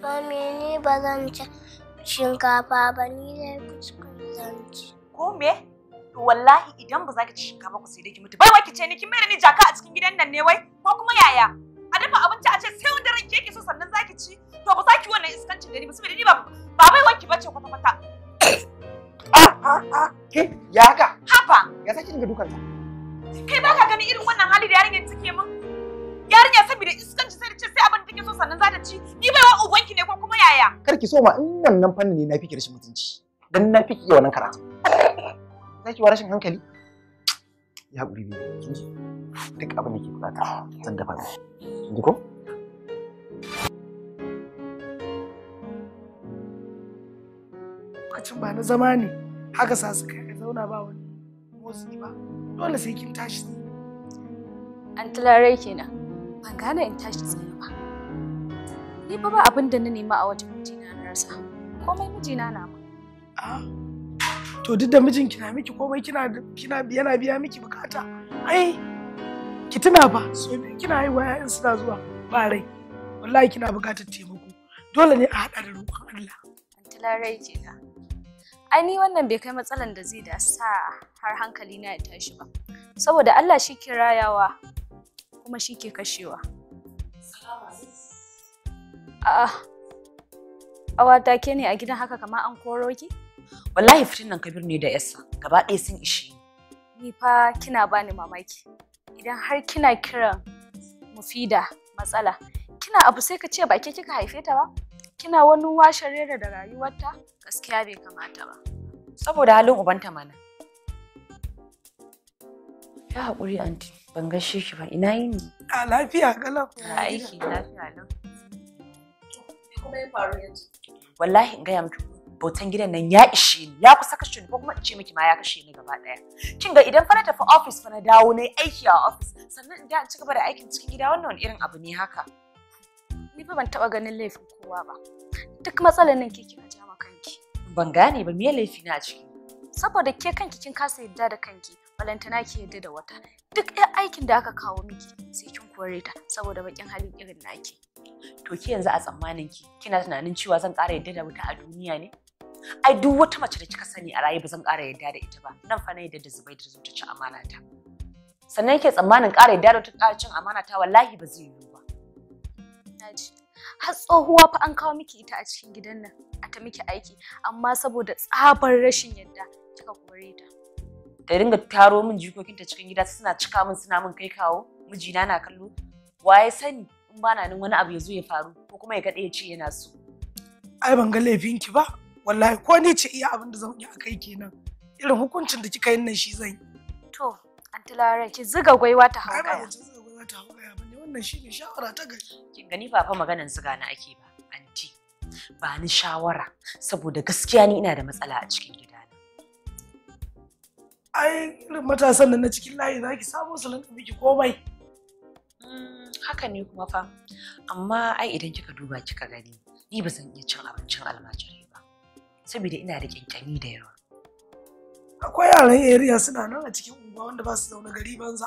Speaker 1: Mami ni ba zan ci shinkafa ba ni dai kuskure zan ci.
Speaker 2: Ko me? wallahi idan ba za ki ci shinkafa ku sai dai ki mutu bai wai ki ce ni kin mai ni jaka a cikin gidan nan ne wai ko kuma yaya a dafa abinci a ce sai wanda ran ke so sannan za ki ci to ba za ki wannan iskancin da ni saboda ni ba ba bai wai ki bace kwata kwata
Speaker 4: ah, ah, ah, ke ya ka haba ya saki daga dukan sa
Speaker 2: kai ba ka gani irin wannan hali da yarinyar take min yarinya saboda iskanci sai da ce sai abin da take so sannan za ta ci ni bai wai ubanki ne ko kuma yaya
Speaker 4: kar ki so ma in wannan fannin ne na fi ki rashin mutunci dan na fi ki wannan karatu zaki wa rashin hankali ya haƙuri ne duk abin da ke bukata zan dafa miki kin ko
Speaker 3: lokacin ba na zama
Speaker 6: ne haka sa su kai
Speaker 3: zauna ba wani motsi ba dole sai kin tashi an tilare kenan ban gane in tashi tsaye ba ni fa ba abin da na nema a wajen mijina na rasa komai mijina na ba.
Speaker 6: to duk da mijin kina miki komai kina kina yana biya miki bukata ai ki tuna fa so kina haihuwa yayin suna zuwa ba rai wallahi kina bukatar taimako dole ne a haɗa da roƙon Allah
Speaker 1: anti
Speaker 3: larai ce ta ai ni wannan bai kai matsalan da zai da sa har hankali na ya tashi ba saboda Allah shi ke rayawa kuma shi ke kashewa a'a awata ke ne a gidan haka kamar an koro ki?
Speaker 2: wallahi fitin nan kabir ne da yasa gaba ɗaya sun ishe
Speaker 3: ni fa kina bani mamaki idan har kina kiran mufida matsala kina abu sai ka ce ba ke kika haife ta ba kina wani washe rera da rayuwarta gaskiya bai kamata ba saboda halin ubanta mana
Speaker 2: ya haƙuri anti ban ga shi ba ina yi ne
Speaker 3: a lafiya galau
Speaker 6: aiki
Speaker 2: lafiya lau wallahi in gaya mutu bautan gidan nan ya ishe ni ya kusa kashe ni ko kuma in ce miki ma ya kashe ni gaba daya kin ga idan fa na tafi office fa na dawo nayi aiki a office sannan in da in ci gaba da aikin cikin gida wannan irin abu ne haka
Speaker 3: ni fa ban taba ganin laifin kowa ba duk matsalar nan ke kika ja ma
Speaker 2: kanki ban gane ba me laifi na a ciki
Speaker 3: saboda ke kanki kin kasa yadda da kanki balantana ki yadda da wata duk ɗan aikin da aka kawo miki sai kin kore ta saboda bakin halin irin naki
Speaker 2: to ki yanzu a tsammanin ki kina tunanin cewa zan ƙara yadda da wata a duniya ne ai duk wata mace da kika sani a raye ba zan ƙara yadda da ita ba nan fa na yarda da zubai da ta ci
Speaker 3: amana ta
Speaker 1: sannan yake tsammanin
Speaker 2: ƙara yadda da ta
Speaker 3: ƙara cin amana ta
Speaker 2: wallahi ba zai yiwu ba
Speaker 3: naji har tsohuwa fa an kawo miki ita a cikin gidan nan a ta miki aiki amma saboda tsabar rashin yadda kika kore
Speaker 2: ta da ringa taro min jikokinta cikin gida suna cika min suna min kai kawo mijina na kallo waye sani in bana nan wani abu ya zo ya faru ko kuma ya ga ya ce yana so
Speaker 6: ai ban ga ki ba wallahi ko ni ce iya abin da zan yi a kai kenan irin hukuncin da kika yin nan shi zan yi
Speaker 3: to antilara ki ziga gwaiwa ta Ai, ba ki ziga gwaiwa ta haukaya ba ne wannan shi ne shawara ta gari
Speaker 2: kin gani ba fa maganan ziga na ake ba anti ba ni shawara saboda gaskiya ni ina da matsala a cikin gidana ai irin matasan nan na cikin layi zaki samu su lanka miki komai mm, haka ne kuma fa amma ai idan kika duba kika gani ni ba zan iya cin abincin almajiri saboda ina da kyankyami da yawa
Speaker 6: akwai yaran area suna nan a cikin unguwa wanda ba su zaune gari banza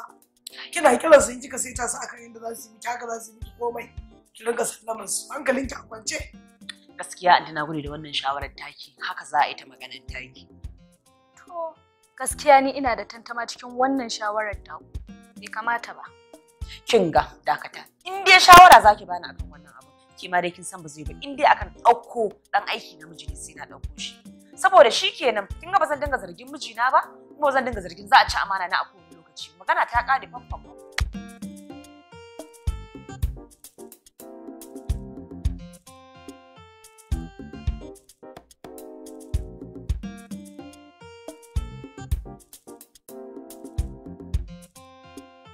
Speaker 6: kina kiran su in kika ta su akan yadda za su yi kaka za su yi
Speaker 2: komai ki rinka sallama su hankalin ki a kwance gaskiya an tana gudu da wannan shawarar taki haka za a yi ta maganar taki
Speaker 3: to gaskiya ni ina da tantama cikin wannan shawarar taku bai kamata ba
Speaker 2: kin ga dakata
Speaker 3: in dai shawara zaki bani akan wannan
Speaker 2: ke ma dai kin san ba zai ba
Speaker 3: in dai akan ɗauko ɗan aiki namiji ne sai na
Speaker 2: ɗauko shi saboda shi kenan kin ga ba zan dinga zargin mijina ba kuma ba zan dinga zargin za a ci amana na a kowane lokaci magana ta ƙare fanfan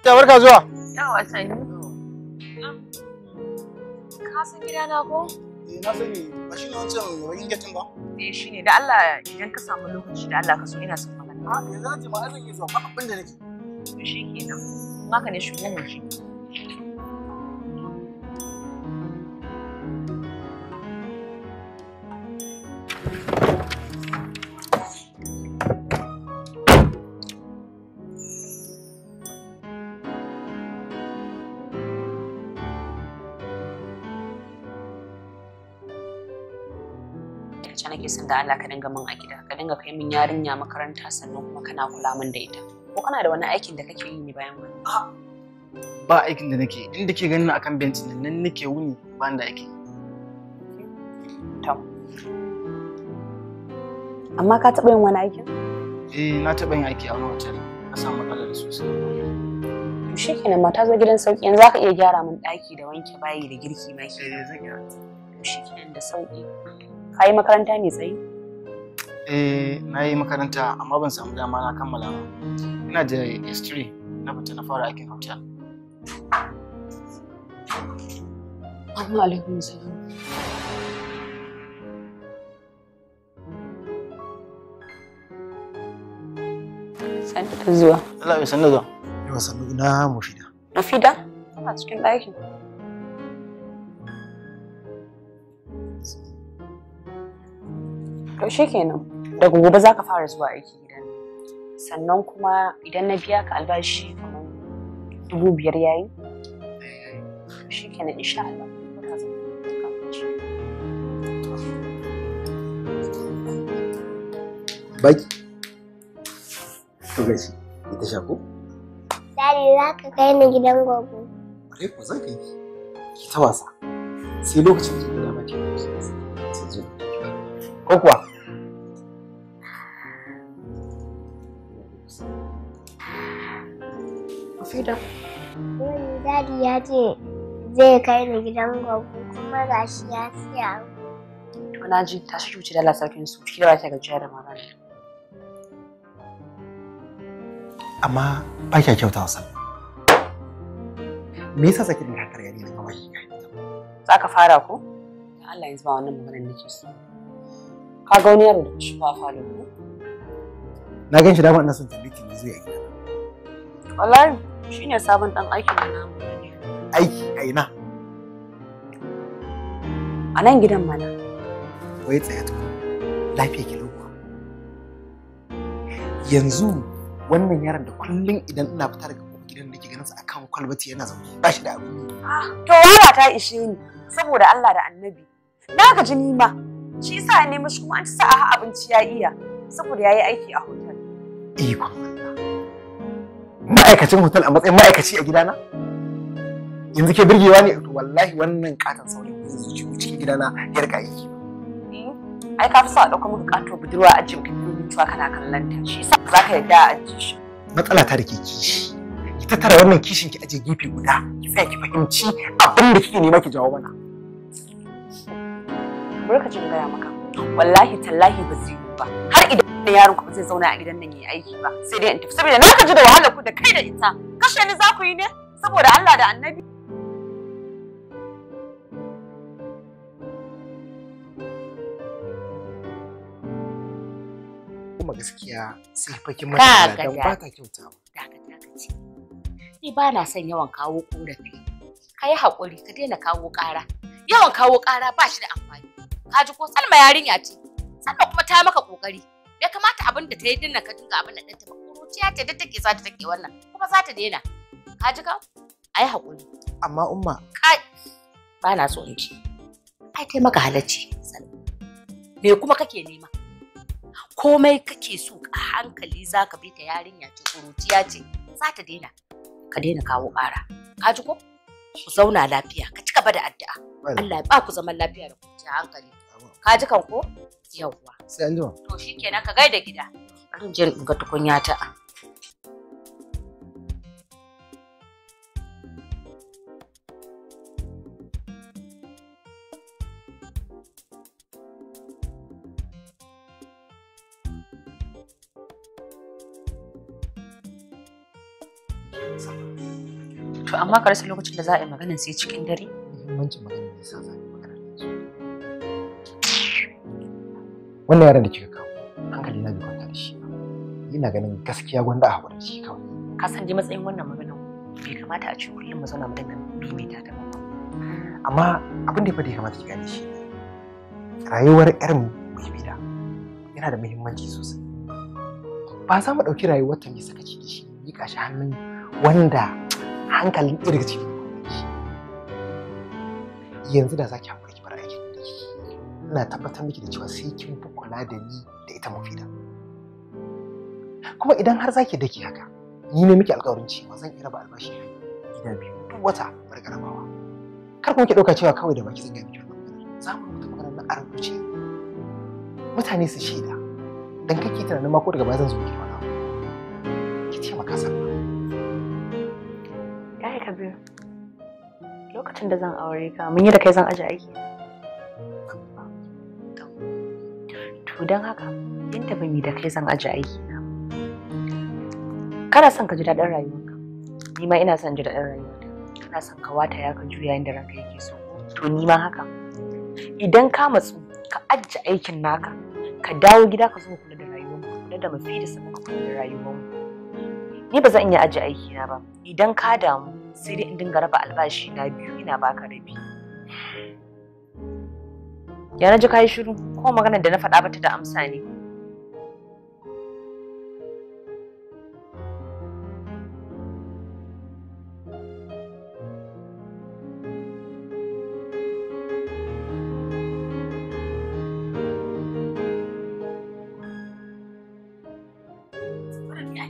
Speaker 5: Ya barka zuwa. Yawa sani.
Speaker 2: Ka san gidana ko? Eh na sani ba shi ne wancan wurin gatin ba? Eh shi ne da Allah idan ka samu lokaci da Allah ka so ina son magana. Ah yanzu na ce ma zan iya zuwa ba abin da nake. Shi kenan. Maka ne shugaban shi. yanzu da Allah ka dinga min a gida ka dinga kai min yarinya makaranta sannan kuma kana kula min da ita ko kana da wani aikin da kake yi ne bayan wani
Speaker 4: ba aikin da nake inda ke ganin akan bench din nan nake wuni
Speaker 2: ba da aiki tam amma ka taɓa yin wani aikin
Speaker 5: eh na taɓa yin aiki a wani hotel na samu matsala da sosai
Speaker 2: to shikenan mata zo gidan sauki yanzu zaka iya gyara min
Speaker 5: ɗaki da wanke
Speaker 2: bayi da girki ma ke eh, zan gyara to shikenan da sauki
Speaker 4: Ka yi makaranta mai tsayi? Eh, na yi makaranta amma ban samu dama na kammala ba. Ina da history na fita na fara aikin hotel.
Speaker 6: Assalamu alaikum salam. Sanda
Speaker 1: zuwa.
Speaker 4: Allah ya sanda zuwa. Yawa sanda na Mufida.
Speaker 2: Mufida? a cikin ɗakin. To kenan. Daga gobe za ka fara zuwa aiki gidan. Sannan kuma idan na biya ka albashi kamar dubu biyar yayi. Shi kenan
Speaker 3: insha Allah.
Speaker 4: Baki. ita za
Speaker 5: ka kai ni gidan
Speaker 4: Bare ko za ka yi. Ki ta wasa. Sai lokacin da Sai ko kuwa
Speaker 1: Fida. Wani dadi ya ce zai kai ni gidan gwaggo kuma ga shi ya siya.
Speaker 2: To na ji ta shi da dala su shi da ba ta gajiya da magana.
Speaker 4: Amma ba kya kyauta wa Me yasa Sakin sake dinga hakar yari na kawai?
Speaker 2: Za ka fara ko? Allah ya ba wannan
Speaker 4: maganar nake so. ka ga wani yaro da
Speaker 2: shi ba falo ne
Speaker 4: na gan shi da ina son tambaye ne, zai yi gida
Speaker 2: wallahi shine sabon dan aiki da namu
Speaker 4: aiki a ina
Speaker 2: a nan gidan mana
Speaker 4: wai tsaya tukun lafiya ki lauwa yanzu wannan yaron da kullum idan ina fita daga gidan da ke ganin su sa akan kwalbati yana zaune ba shi da abu. yi ah, to wala
Speaker 2: ta ishe ni saboda Allah da Annabi na ka ji ni ma Shi sa ne mishi kuma an ci sa'a abinci ya iya saboda yayi aiki a hotel.
Speaker 1: Ikon
Speaker 4: Ma'aikacin hotel a matsayin ma'aikaci a gidana? Yanzu ke birgewa ne wallahi wannan katon saurayi ba zai zuciyo cikin gidana ya riga yi. ba. Eh, ai ka fi sa
Speaker 2: ɗauka muka ƙato budurwa a jin mutuwa kana kallon ta shi sa za ka yarda a ajiye shi.
Speaker 4: Matsala ta da ke kishi. Ki tattara wannan kishin ki aje gefe guda ki tsaya ki fahimci abin da kike nema ki jawo mana.
Speaker 2: bari ka gaya maka wallahi tallahi ba zai yi ba har idan yaron ku ba zai zauna a gidan nan yayi aiki ba sai dai in tafi saboda na kaji da wahalar ku da kai da ita kashe ni za ku yi ne saboda Allah da Annabi
Speaker 4: kuma gaskiya sai fakin mata da ba ta kyautawa
Speaker 1: daga daga ce
Speaker 7: ni ba na son yawan kawo korafi ka yi haƙuri ka daina kawo ƙara yawan kawo ƙara ba shi da amfani Kaji ko Salma yarinya ce. Salma kuma ta maka kokari. ya kamata abin da ta yi dinnan ka dinga abin da ɗinta ba. Kuruciya ce da take sa ta take wannan kuma za ta daina. Kaji ka? Ai haƙuri.
Speaker 5: Amma umma. Kai
Speaker 7: ba na so in ci. Ai kai maka halacci Salma. Me kuma kake nema? Komai kake so a hankali za ka bi ta yarinya ce kuruciya ce za ta daina. Ka daina kawo ƙara. Kaji ko? ku zauna lafiya ka cika gaba da addu'a Allah ya ba ku zaman lafiya da kwanciyar hankali ka ji kan ko yawwa sai an jima to shikenan ka gaida gida bari ga tukunya ta
Speaker 2: amma ka rasa lokacin da za a yi maganin sai cikin dare
Speaker 4: muhimmancin magana ne sa za a yi su. wannan yaran da kika kawo hankali na bai kwanta da shi ina ganin gaskiya gwanda a haƙura shi kawai
Speaker 2: ka san dai matsayin wannan maganin bai kamata a ce kullum mu zauna mu dinga maimaita ta ba
Speaker 4: amma abin da ya ya kamata ki gane shi rayuwar ƴar mu mai bida yana da muhimmanci sosai ba za mu ɗauki rayuwar ta mai saka ciki shi yi kashi hannun wanda hankalin ɗaya daga cikin yanzu da zaki ki haƙura ki bar aikin ina tabbatar miki da cewa sai kin fi kula da ni da ita mafida kuma idan har zaki dake haka ni ne miki alƙawarin cewa zan iya raba albashi gida biyu duk wata bar garabawa kar kuma ki ɗauka cewa kawai da baki zan gaya miki magana za mu mutu maganar na a mutane su shaida dan kake tunanin ma ko daga baya zan zo ki wani ki ce maka
Speaker 2: biyu Lokacin da zan aure ka mun yi da kai zan aje aiki. To don haka in tafi yi da kai zan aje aiki na. Kana son ka ji daɗin rayuwarka. Ni ma ina son ji daɗin rayuwarka. Kana son ka wata ya ka juya inda ranka yake so. To ni ma haka. Idan ka matsu ka aje aikin naka ka dawo gida ka zo kula da rayuwarka kula da mafi da sabon
Speaker 1: kula da rayuwarka.
Speaker 2: Ni ba zan iya aje aiki na ba. Idan ka damu sai dai in dinga raba albashi na biyu ina baka rabi ya na ji kayi shiru ko maganar da na faɗa bata da amsa ne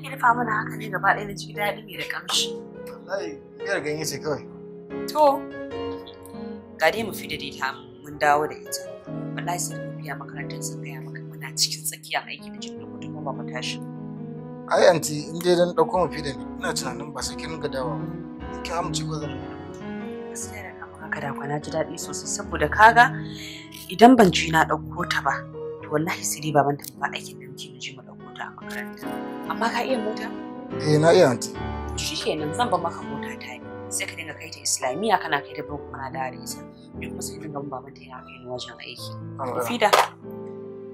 Speaker 2: nufa mana haka ne gaba ɗaya na ji daɗi ne da ƙamshi.
Speaker 5: wallahi yar ganye ce kawai
Speaker 2: to ga dai mu fi da ta mun dawo da ita wallahi sai mu biya makarantar sun gaya maka muna cikin tsakiya aiki da jin lokuta
Speaker 4: kuma ba mu tashi ai anti in dai dan dauko mu fi da ni ina tunanin ba sai kin ga dawo ba ki amince ko zan
Speaker 2: gaskiya da kama ka da kwana ji daɗi sosai saboda kaga idan ban ci na ɗauko ta ba to wallahi sai dai baban ta ba aikin da muke mu je mu dauko ta a makaranta amma ka iya mota eh na iya anti to shikenan zan ba maka mota ta yi sai ka dinga kai ta islamiyya kana kai da bin kuma na dare sa ni kuma sai dinga baban ta ya kai wajen aiki fida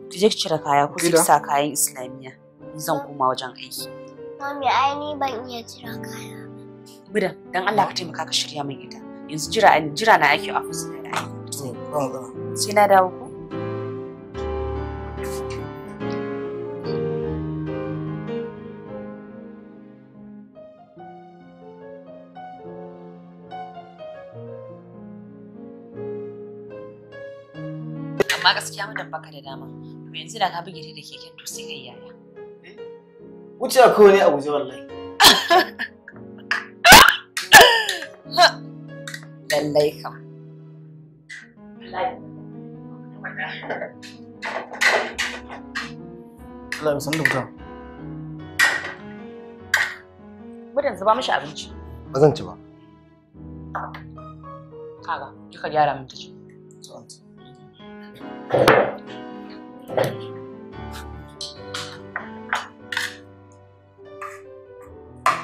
Speaker 2: ki je ki cire kaya ko ki sa kayan islamiyya zan koma wajen aiki
Speaker 1: mami ai ni ban iya cire kaya
Speaker 2: bida dan Allah ka taimaka ka shirya min ita yanzu jira jira na aiki a office na sai na dawo ku amma gaskiya madan baka da dama to yanzu da ka buge da keken to sai kai yaya eh?
Speaker 6: wuce ko ne a guje wallahi lallai ka
Speaker 4: Allah ya san da mutum.
Speaker 2: Mutum zuba mishi abinci. Ba zan ci ba. Kaga,
Speaker 1: duka gyara min ta ci.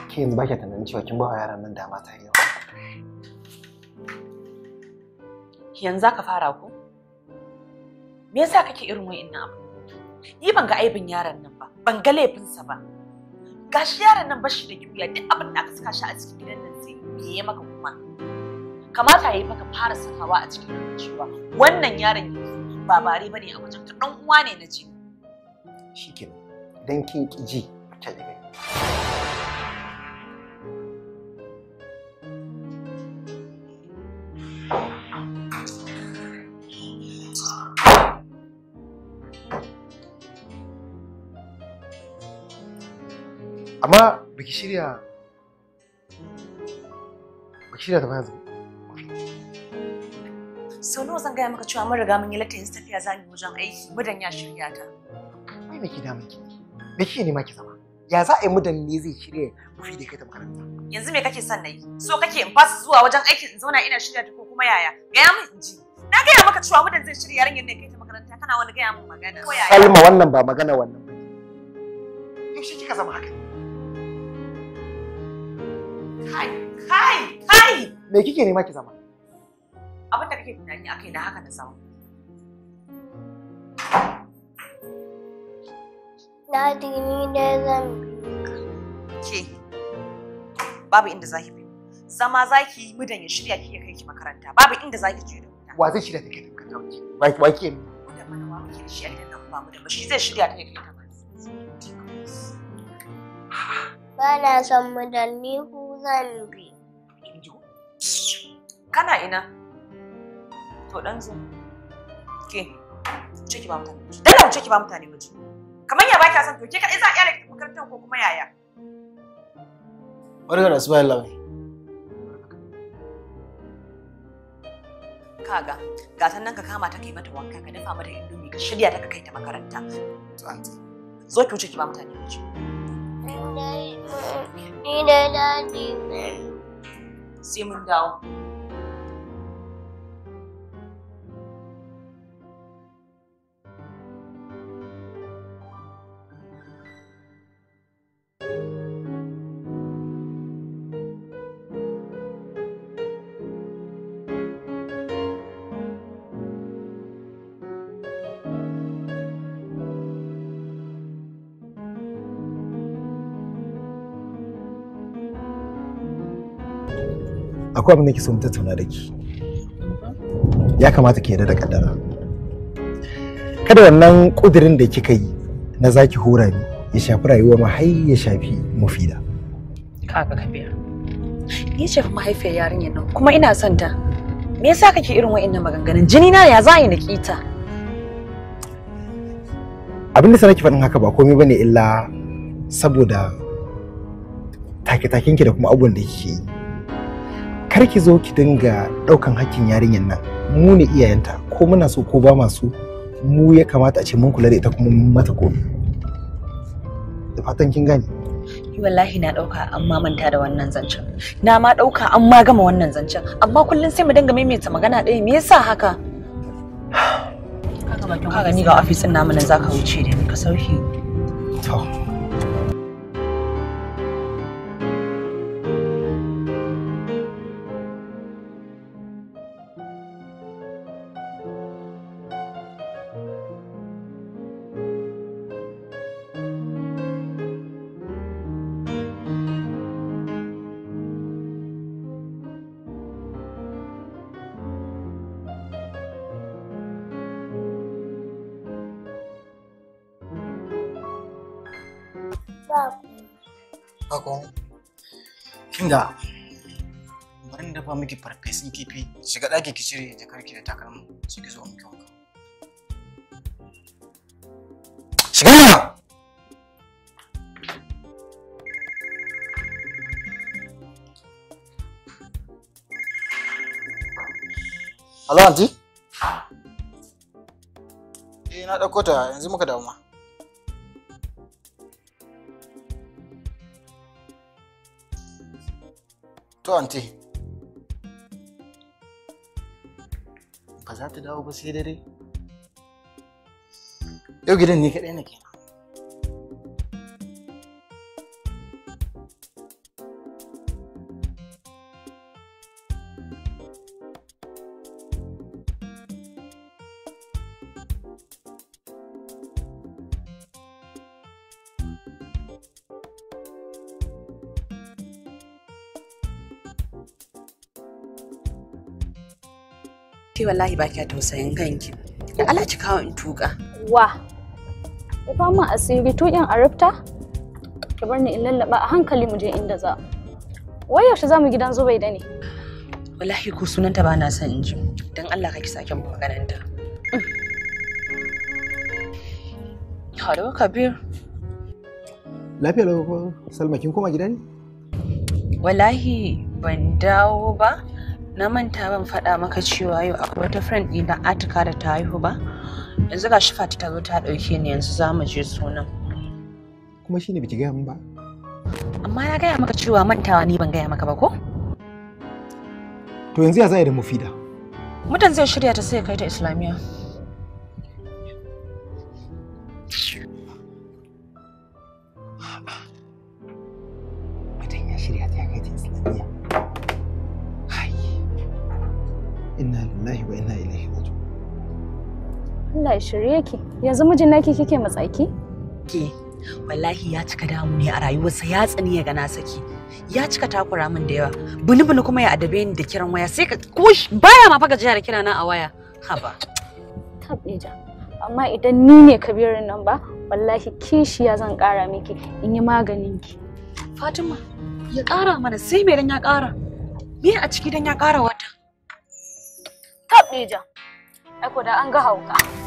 Speaker 4: ke yanzu ba tunanin cewa kin ba wa yaran nan dama ta yau?
Speaker 2: Yanzu za ka fara ko? Me yasa kake irin wa'innan abu? Ni ban ga aibin yaron nan ba, ban ga laifinsa ba. Gashi yaron nan bashi da kiwiya duk abin da aka saka shi a cikin gidan nan sai me ya maka kuma. Kamata ya yi maka fara sakawa a cikin cewa wannan yaron yanzu ba ne bane a wajen dan uwa ne na jini
Speaker 4: shikenan dan kin kiji ta yi amma biki shirya biki shirya ta yanzu
Speaker 2: sau nawa zan gaya maka cewa mun riga mun yi latin tafiya za mu wajen aiki mudan ya shirya ta
Speaker 4: kai me ke damun ki me kike nema ki zama ya za a yi mudan ne zai shirya fi da kai ta makaranta
Speaker 2: yanzu me kake son nayi so kake in fasa zuwa wajen aiki in zauna ina shirya ta ko kuma yaya gaya min in ji na gaya maka cewa mudan zai shirya yarinyar ne kai ta makaranta kana wani gaya mun magana ko yaya Salma
Speaker 4: wannan ba magana wannan ba yaushe kika zama haka kai kai kai me kike nema ki zama
Speaker 2: abin da kake tunani akai na haka na samu
Speaker 1: Na ni dai zan
Speaker 2: Ke, babu inda Zama zaki mudan ya shirya ki ya kai ki makaranta. Babu inda zaki je da
Speaker 4: wuta. Wa zai shirya ta kai ta makaranta? Wa ki ne?
Speaker 2: Da mana wa da shi a gidan nan ba ba shi zai shirya ta kai ta Ba na
Speaker 1: son mudan ni ku zan bi.
Speaker 2: Kana ina? to dan zo ke ce ki ba mutane miji dala ce ki ba mutane miji kamar ya baki san to ke kadai za a iyalai makarantar ko kuma yaya
Speaker 4: barka da subhan Allah
Speaker 2: kaga gatan nan ka kama ta kai mata wanka ka dafa mata indomi
Speaker 4: ka shirya ta ka kai ta makaranta
Speaker 2: zo ki wuce ki ba mutane miji Ni da dadi. Sai mun dawo.
Speaker 4: akwai abin da ke so mu tattauna da ki ya kamata ki yarda da kaddara kada wannan kudirin da kika yi na zaki hura ni ya shafi rayuwar ma har ya shafi mufida
Speaker 2: kaga kabira ya shafi mahaifiyar yarinyar nan kuma ina son ta me yasa kake irin wa'annan maganganun jini na ya za yi na kita
Speaker 4: abin da sanake faɗin haka ba komai bane illa saboda take-taken ki da kuma abubuwan da kike yi kar ki zo ki dinga ɗaukan hakkin yarinyar nan mu ne iyayenta ko muna so ko ba masu mu ya kamata a ce mun kula da ita kuma mun mata komai da fatan kin gane
Speaker 2: wallahi na ɗauka an ma manta da wannan zancen na ma ɗauka an ma gama wannan zancen amma kullum sai mu dinga maimaita magana ɗaya me yasa haka ka gani ga ofisin namu nan zaka wuce
Speaker 1: da ni ka sauki. to
Speaker 4: Kinga, bari dafa miki farfesun kifi, shiga ɗaki ki cire karki da takalma, sai ki zo miki wanka.
Speaker 1: Shiga na
Speaker 4: Hello, aunty? Eh, na ɗauko ta yanzu muka dawo ma. to ba za ta dawo ba sai dare yau gidan ni kaɗai na
Speaker 2: wallahi ba kya tausayin kanki. Da Allah ki kawo in tuka.
Speaker 3: Wa. Ba ma asiri tukin a rufta? Ki bar ni in lallaba a hankali mu je inda za. Wai yaushe za mu gidan Zubai da ne?
Speaker 2: Wallahi ko sunanta ba na son in ji.
Speaker 3: Dan Allah ka ki sake mu magananta.
Speaker 2: Haro Kabir.
Speaker 4: Lafiya lau Salma kin koma gida ne?
Speaker 2: Wallahi ban dawo ba. na manta ban faɗa maka cewa yau akwai wata friend ɗina atika da ta haihu ba yanzu ga shifa ta zo ta ɗauke ni yanzu
Speaker 4: za mu je sunan kuma shine biki gaya min ba
Speaker 2: amma na gaya maka cewa mantawa ni ban gaya maka ba ko
Speaker 4: to yanzu ya za'a da mufida
Speaker 2: mutan zai shirya ta sai kai ta islamiyya
Speaker 3: Allah ya shirye yake yanzu mijin naki kike matsaki
Speaker 4: ke
Speaker 2: wallahi ya cika damu ne a rayuwarsa ya tsani ya gana saki ya cika takura min da yawa buni buni kuma ya adabe ni da kiran waya sai ka kush baya ma fa gajiya da na a waya haba tabija
Speaker 3: amma idan ni ne kabirin nan ba wallahi kishiya zan kara miki in yi maganin ki Fatima ya kara mana sai me dan ya kara me a ciki dan ya kara wata tabija ai da an ga hauka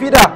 Speaker 4: مفيدة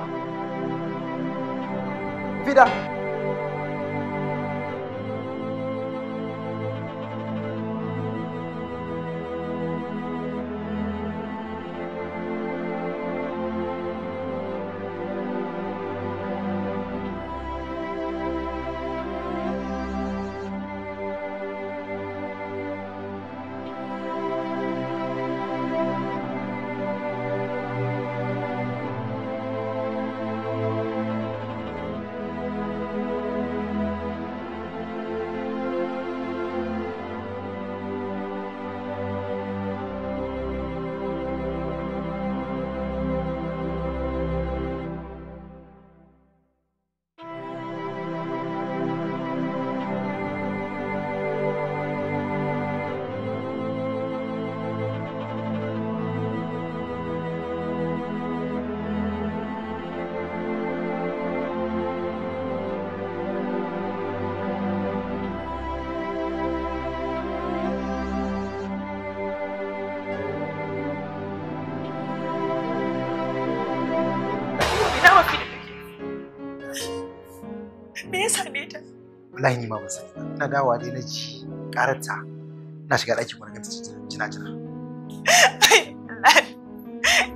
Speaker 4: wallahi ni ma ban sani ina dawowa dai na ji karanta na shiga ɗakin wani ganta jina jina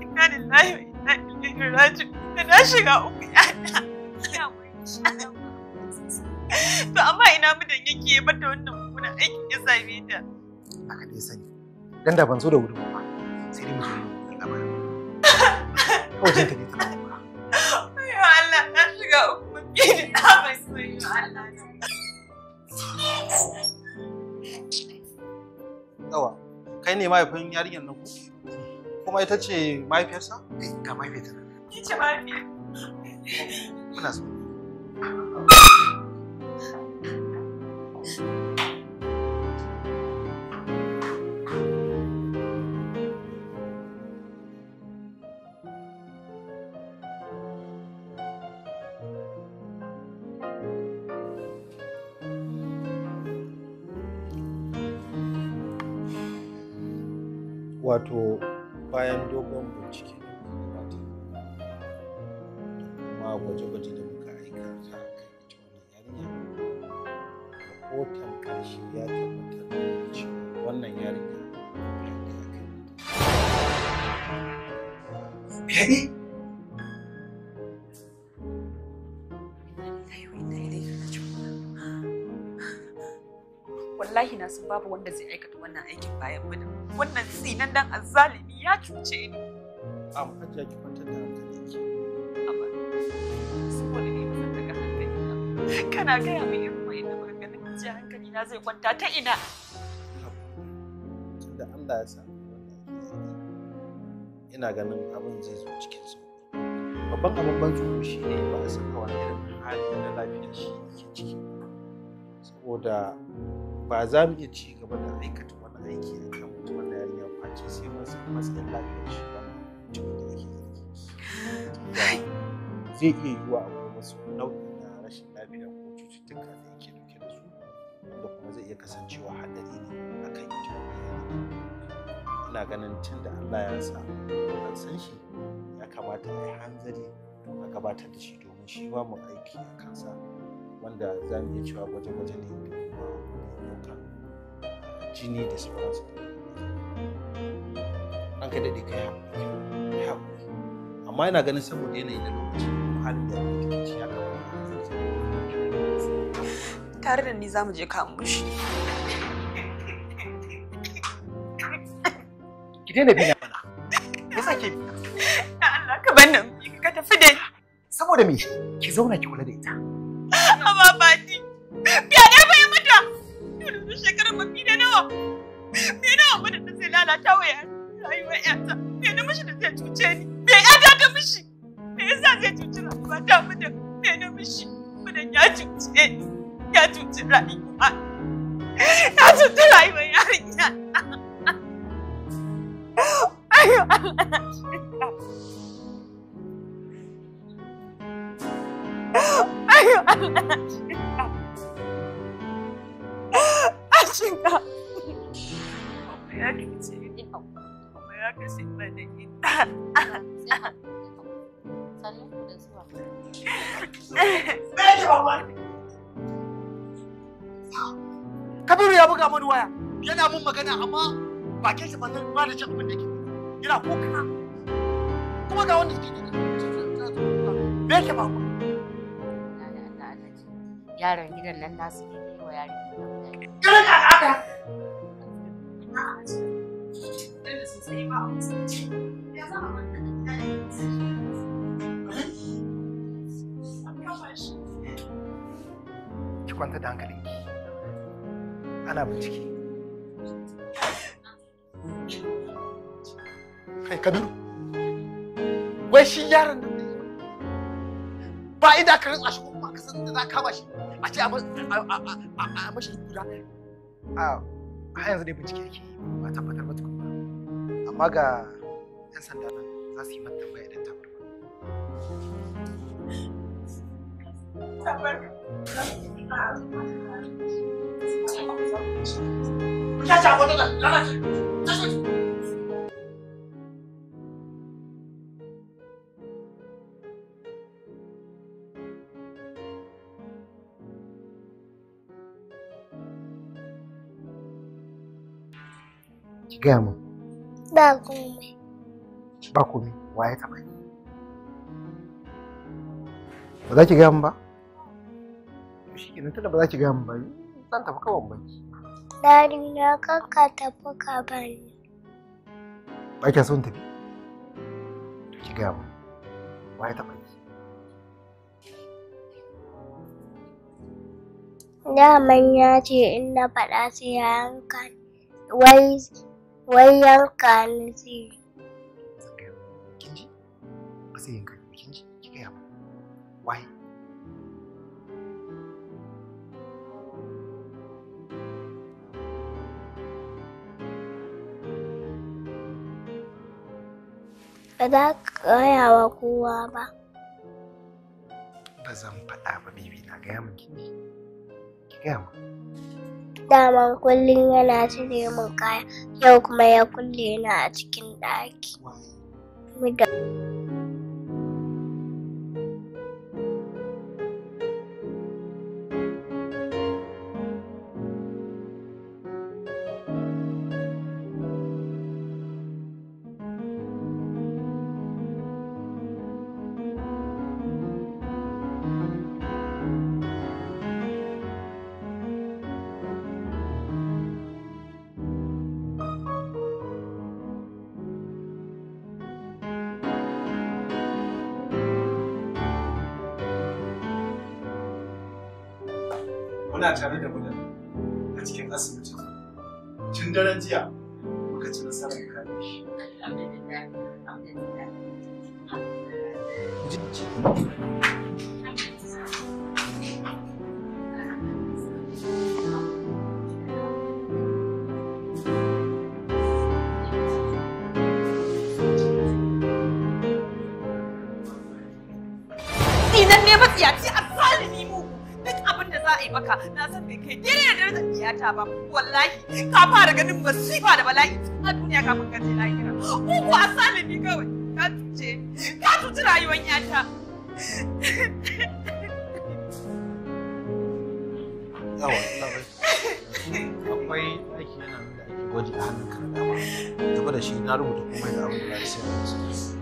Speaker 1: inna lillahi wa inna ilaihi
Speaker 4: raji'un
Speaker 1: na shiga uku yana
Speaker 2: to amma ina mudan yake ya bata wannan mummunan aikin ya same ta haka dai sani
Speaker 4: dan da ban zo da wuri ba sai dai mu zo da labarin
Speaker 1: kawai jinta ne
Speaker 5: kawa kai ne mahaifin yarinyar nan ku kuma ita ce mahaifiyarsa eh ga mahaifiyarta
Speaker 1: ni ce mahaifiyar muna so
Speaker 5: wato bayan dogon bincike da muka kuma gwaje-gwaje da muka aikata a kan ita wannan yarinya rahoton ƙarshe ya tabbatar da cewa wannan yarinya
Speaker 2: wallahi na san babu wanda zai aikata wannan aikin bayan mu wannan sinan dan azzalimi ya cuce ni
Speaker 5: am hajiya ki kwantar da hankalinki amma
Speaker 2: saboda ni ban daga hankalina kana gaya min irin wa'annan inda ka ji hankali na zai kwanta ta ina
Speaker 5: da Allah ya sa ina ganin abin zai zo cikin su babban abin ban tsoro shi ne ba a saka wani irin hali na lafiyar shi ke ciki saboda ba za mu iya ci gaba da aikata wani aiki a kan face sai matsayin lafiyar shi ba mutumin da yake zargi zai iya yiwuwa akwai wasu nau'i na rashin lafiya ko cututtuka da yake dauke da su wanda kuma zai iya kasancewa haɗari ne a kan ita ina ganin tun da Allah ya sa an san shi ya kamata a yi hanzari a gabatar da shi domin shi ba mu aiki a kansa wanda za mu iya cewa gwaje-gwaje ne da kuma ah, jini da sauransu an ka daɗe kai haƙuri amma yana ganin saboda yanayi na lokaci halin da ya ci haka
Speaker 2: tare da ni za mu je kamun bushi
Speaker 4: ki daina bi na mana
Speaker 2: me yasa ke ya Allah ka bar nan ka tafi da
Speaker 4: saboda me ki zauna ki kula da ita
Speaker 2: amma ba ni biya da bai mata
Speaker 4: yanzu shekarar
Speaker 2: mafi da nawa me nawa mata ta sai lalata wa
Speaker 1: rayuwar yata me na mishi da zai cuce ni me yata ta mishi me yasa zai cuci rayuwa ta mudan me na mishi mudan ya cuce ni ya cuci rayuwa ya cuci rayuwar yarinya ayo Allah ayo Allah Ashinka. Oh, yeah, I can see. ya mana
Speaker 4: Kabiru ya buga mani waya yana mun magana amma bakin shi ba nan da cin abin da ke yana kuka kuma ga wanda ke
Speaker 1: me
Speaker 7: yake ba ku yaron gidan nan nasu ne wa yaron
Speaker 1: gidan
Speaker 4: ki kwanta da hankali, ana bincike kai kabiru wai shi yaron nan ba idan ka rantsa shi kuma ka san da za ka ba shi a ce a mashi guda a yanzu dai bincike yake ba tabbatar ba tukun amma ga 'yan sanda nan za su yi mata
Speaker 1: tambaya idan
Speaker 4: ta Ki gaya mu ba komai waye taɓa ni ba za ki gaya mun ba to shi kenan tunda ba za ki gaya mun ba
Speaker 5: zan tafi
Speaker 1: kawai ki Dari na kan ka tafi ka bani.
Speaker 4: Ba ki son tafi? To ki gaya min. Waye taɓa ki?
Speaker 1: Daman ya ce in na faɗa sai ya hankali, wai yanka ni zai
Speaker 4: fa sai yanka kin ji ki gaya mu why
Speaker 1: ba za ka gaya wa kowa ba.
Speaker 4: Ba zan faɗa ba, bibi na gaya min ji. Ki gaya min.
Speaker 1: Dama kullum yana cire min kaya, yau kuma ya kulle ni a cikin ɗaki. Mu da.
Speaker 5: muna tare da mu a cikin asibiti tun daren jiya muka ci nasarar kare shi
Speaker 1: alhamdulillah alhamdulillah
Speaker 2: ka na san bai kai gire da da biyata ba wallahi ka fara ganin masifa da bala'i a duniya kafin ka je lahira uku a salimi
Speaker 1: kawai ka tuce ka tuci rayuwar yata
Speaker 5: akwai aiki yana da ake gwaji a hannun ka dama gaba da shi na rubuta
Speaker 1: kuma da abin da za a sai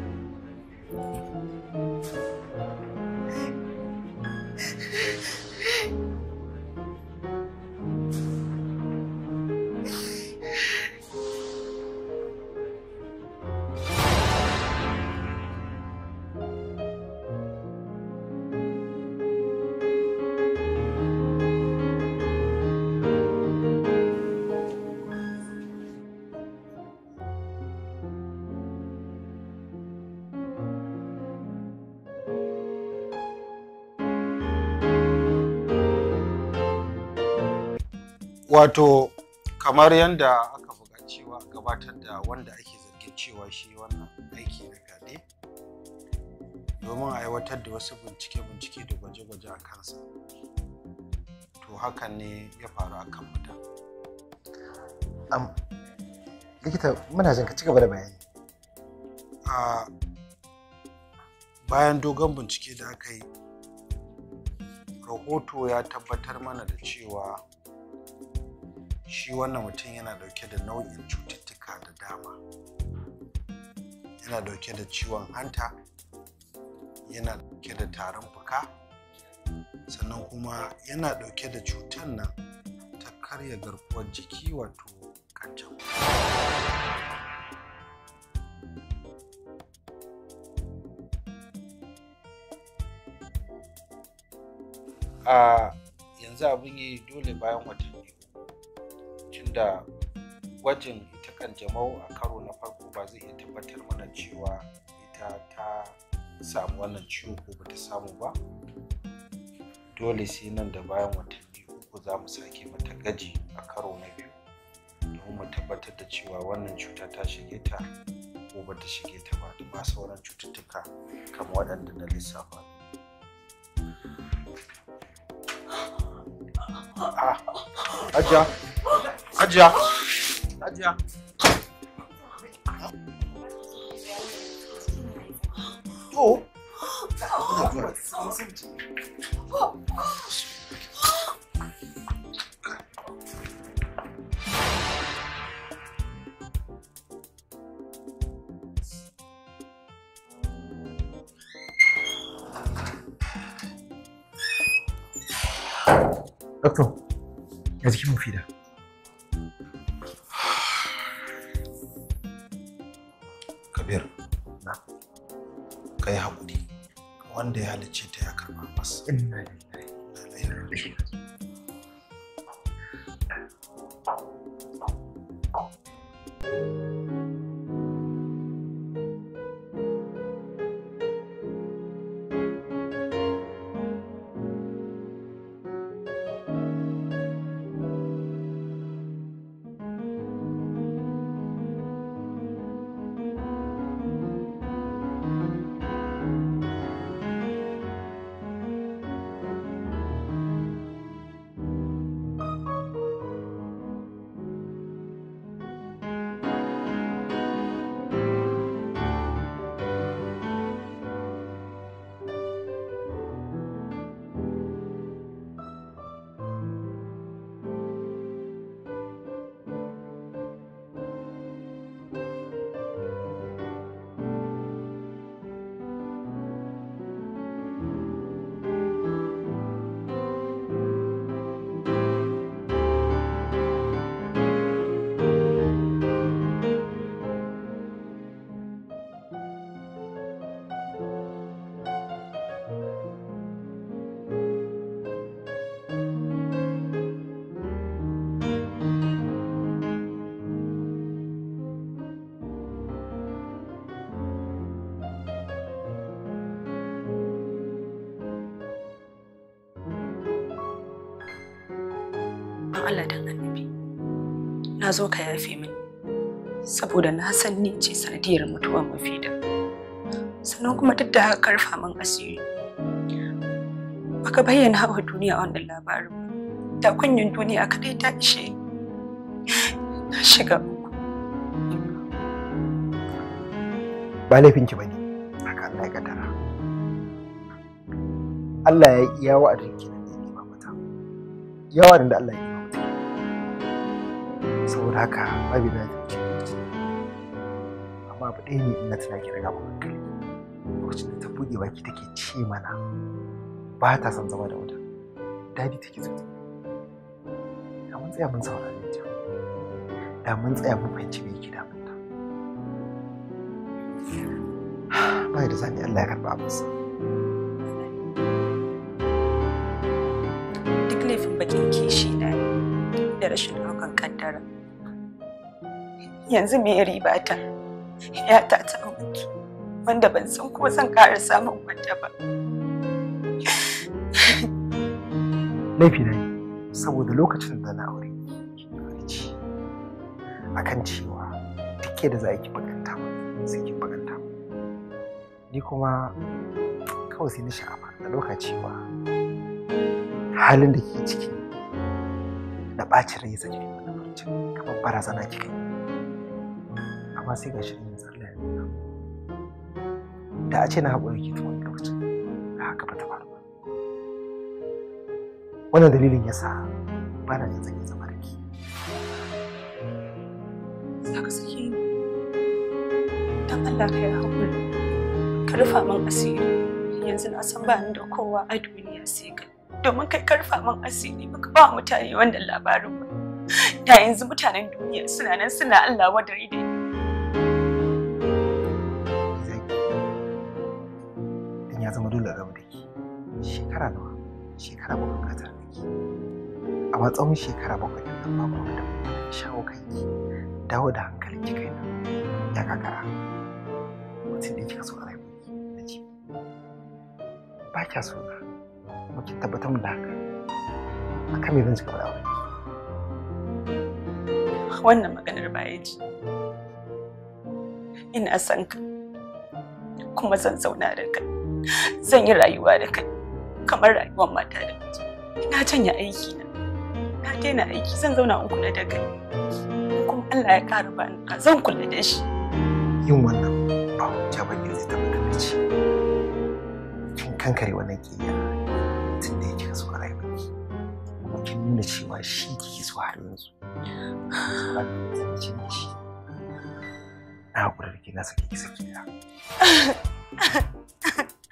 Speaker 5: wato kamar yadda aka buƙacewa gabatar da wanda ake zargin cewa shi wannan aiki na fyaɗe domin aiwatar da wasu bincike-bincike da gwaje-gwaje a kansa to hakan ne ya faru a kan mutum
Speaker 4: likita muna jin ci gaba da bayani
Speaker 5: bayan dogon bincike da aka yi rahoto ya tabbatar mana da cewa shi wannan mutum yana dauke da nau'in cututtuka da dama yana dauke da ciwon hanta yana dauke da tarin fuka sannan kuma yana dauke da cutar nan ta karya garkuwar jiki wato kanjamau a ah, yanzu abin yi dole bayan watanni da gwajin ita kanjamau a karo na farko ba zai iya tabbatar mana cewa ita ta samu wannan ciwo ko ba ta samu ba dole sai nan da bayan watanni uku za mu sake mata gaji a karo na biyu domin mu tabbatar da cewa wannan cuta ta shige ta ko ba ta shige ta ba da ma sauran cututtuka kamar waɗanda na lissafa
Speaker 1: ah Adiar. Adiar.
Speaker 5: Oh. Agora. Oh! é
Speaker 1: Oh! Oh!
Speaker 5: Oh!
Speaker 2: Allah dan annabi na zo ka yafe min saboda na san ni ce sanadiyar mutuwar mafida sannan kuma duk da karfa min asiri baka bayyana hawa duniya wannan labarin da kunyin duniya dai ta ishe na shiga
Speaker 4: ba laifinki ba ne haka Allah ya kadara Allah ya yi yawa a rinki da ya mata yawa da Allah ya saboda haka babu da ta amma abu ɗaya ne in na tana daga mu hankali lokacin da ta buɗe baki take ce mana ba ta zama da take da mun tsaya mun ta da mun tsaya mun fahimci me yake damun ta ba da Allah ya karɓa abinsa
Speaker 2: duk laifin bakin kishi na da rashin yanzu me riba ta ya ta ta mutu wanda ban san ko zan ƙara samun wata ba
Speaker 4: laifi na saboda lokacin da na aure akan cewa take da za ki ba sai ki baganta ni kuma kawai sai na sha'afa a lokaci ba halin da ke ciki da ɓacin rai ya sake kamar barazana kika yi amma sai ga shirin yanzu Allah ya nuna da a ce na haƙura ki tuwon lokacin
Speaker 1: da haka ba ta faru ba
Speaker 4: wannan dalilin ya sa ba na jin zai zama da ke.
Speaker 6: za ka sake ni don Allah ka yi haƙuri ka rufa min asiri yanzu na san ba ni da
Speaker 2: kowa a duniya sai ka domin kai karfa min asiri baka ba mutane wannan labarin ba da yanzu mutanen duniya suna nan suna Allah wadari da
Speaker 4: ya zama dole rabu da ke shekara nawa shekara bakwai muna tare da ke amma tsawon shekara bakwai ɗin nan da wanda shawo kan kanki dawo da hankalin ki kai nan ya kakara
Speaker 5: mutum da kika so a rayuwar ki na ce
Speaker 4: ba kya so na kuma kin tabbatar mu da haka a kan me zan cika gaba da
Speaker 2: wannan maganar ba ya ji ina son ka kuma zan zauna da kai zan yi rayuwa da kai
Speaker 6: kamar rayuwar mata da mutu na canya aiki na na daina aiki zan zauna in kula da kai kuma Allah ya ƙara ba zan kula da shi
Speaker 4: yin wannan ba hujja ba ne zai tabbata da ci kin kankare wannan kiyaya tun da yake so rayuwa ki kuma kin nuna cewa shi kike so har
Speaker 1: yanzu na haƙura da ke na saki kisa saki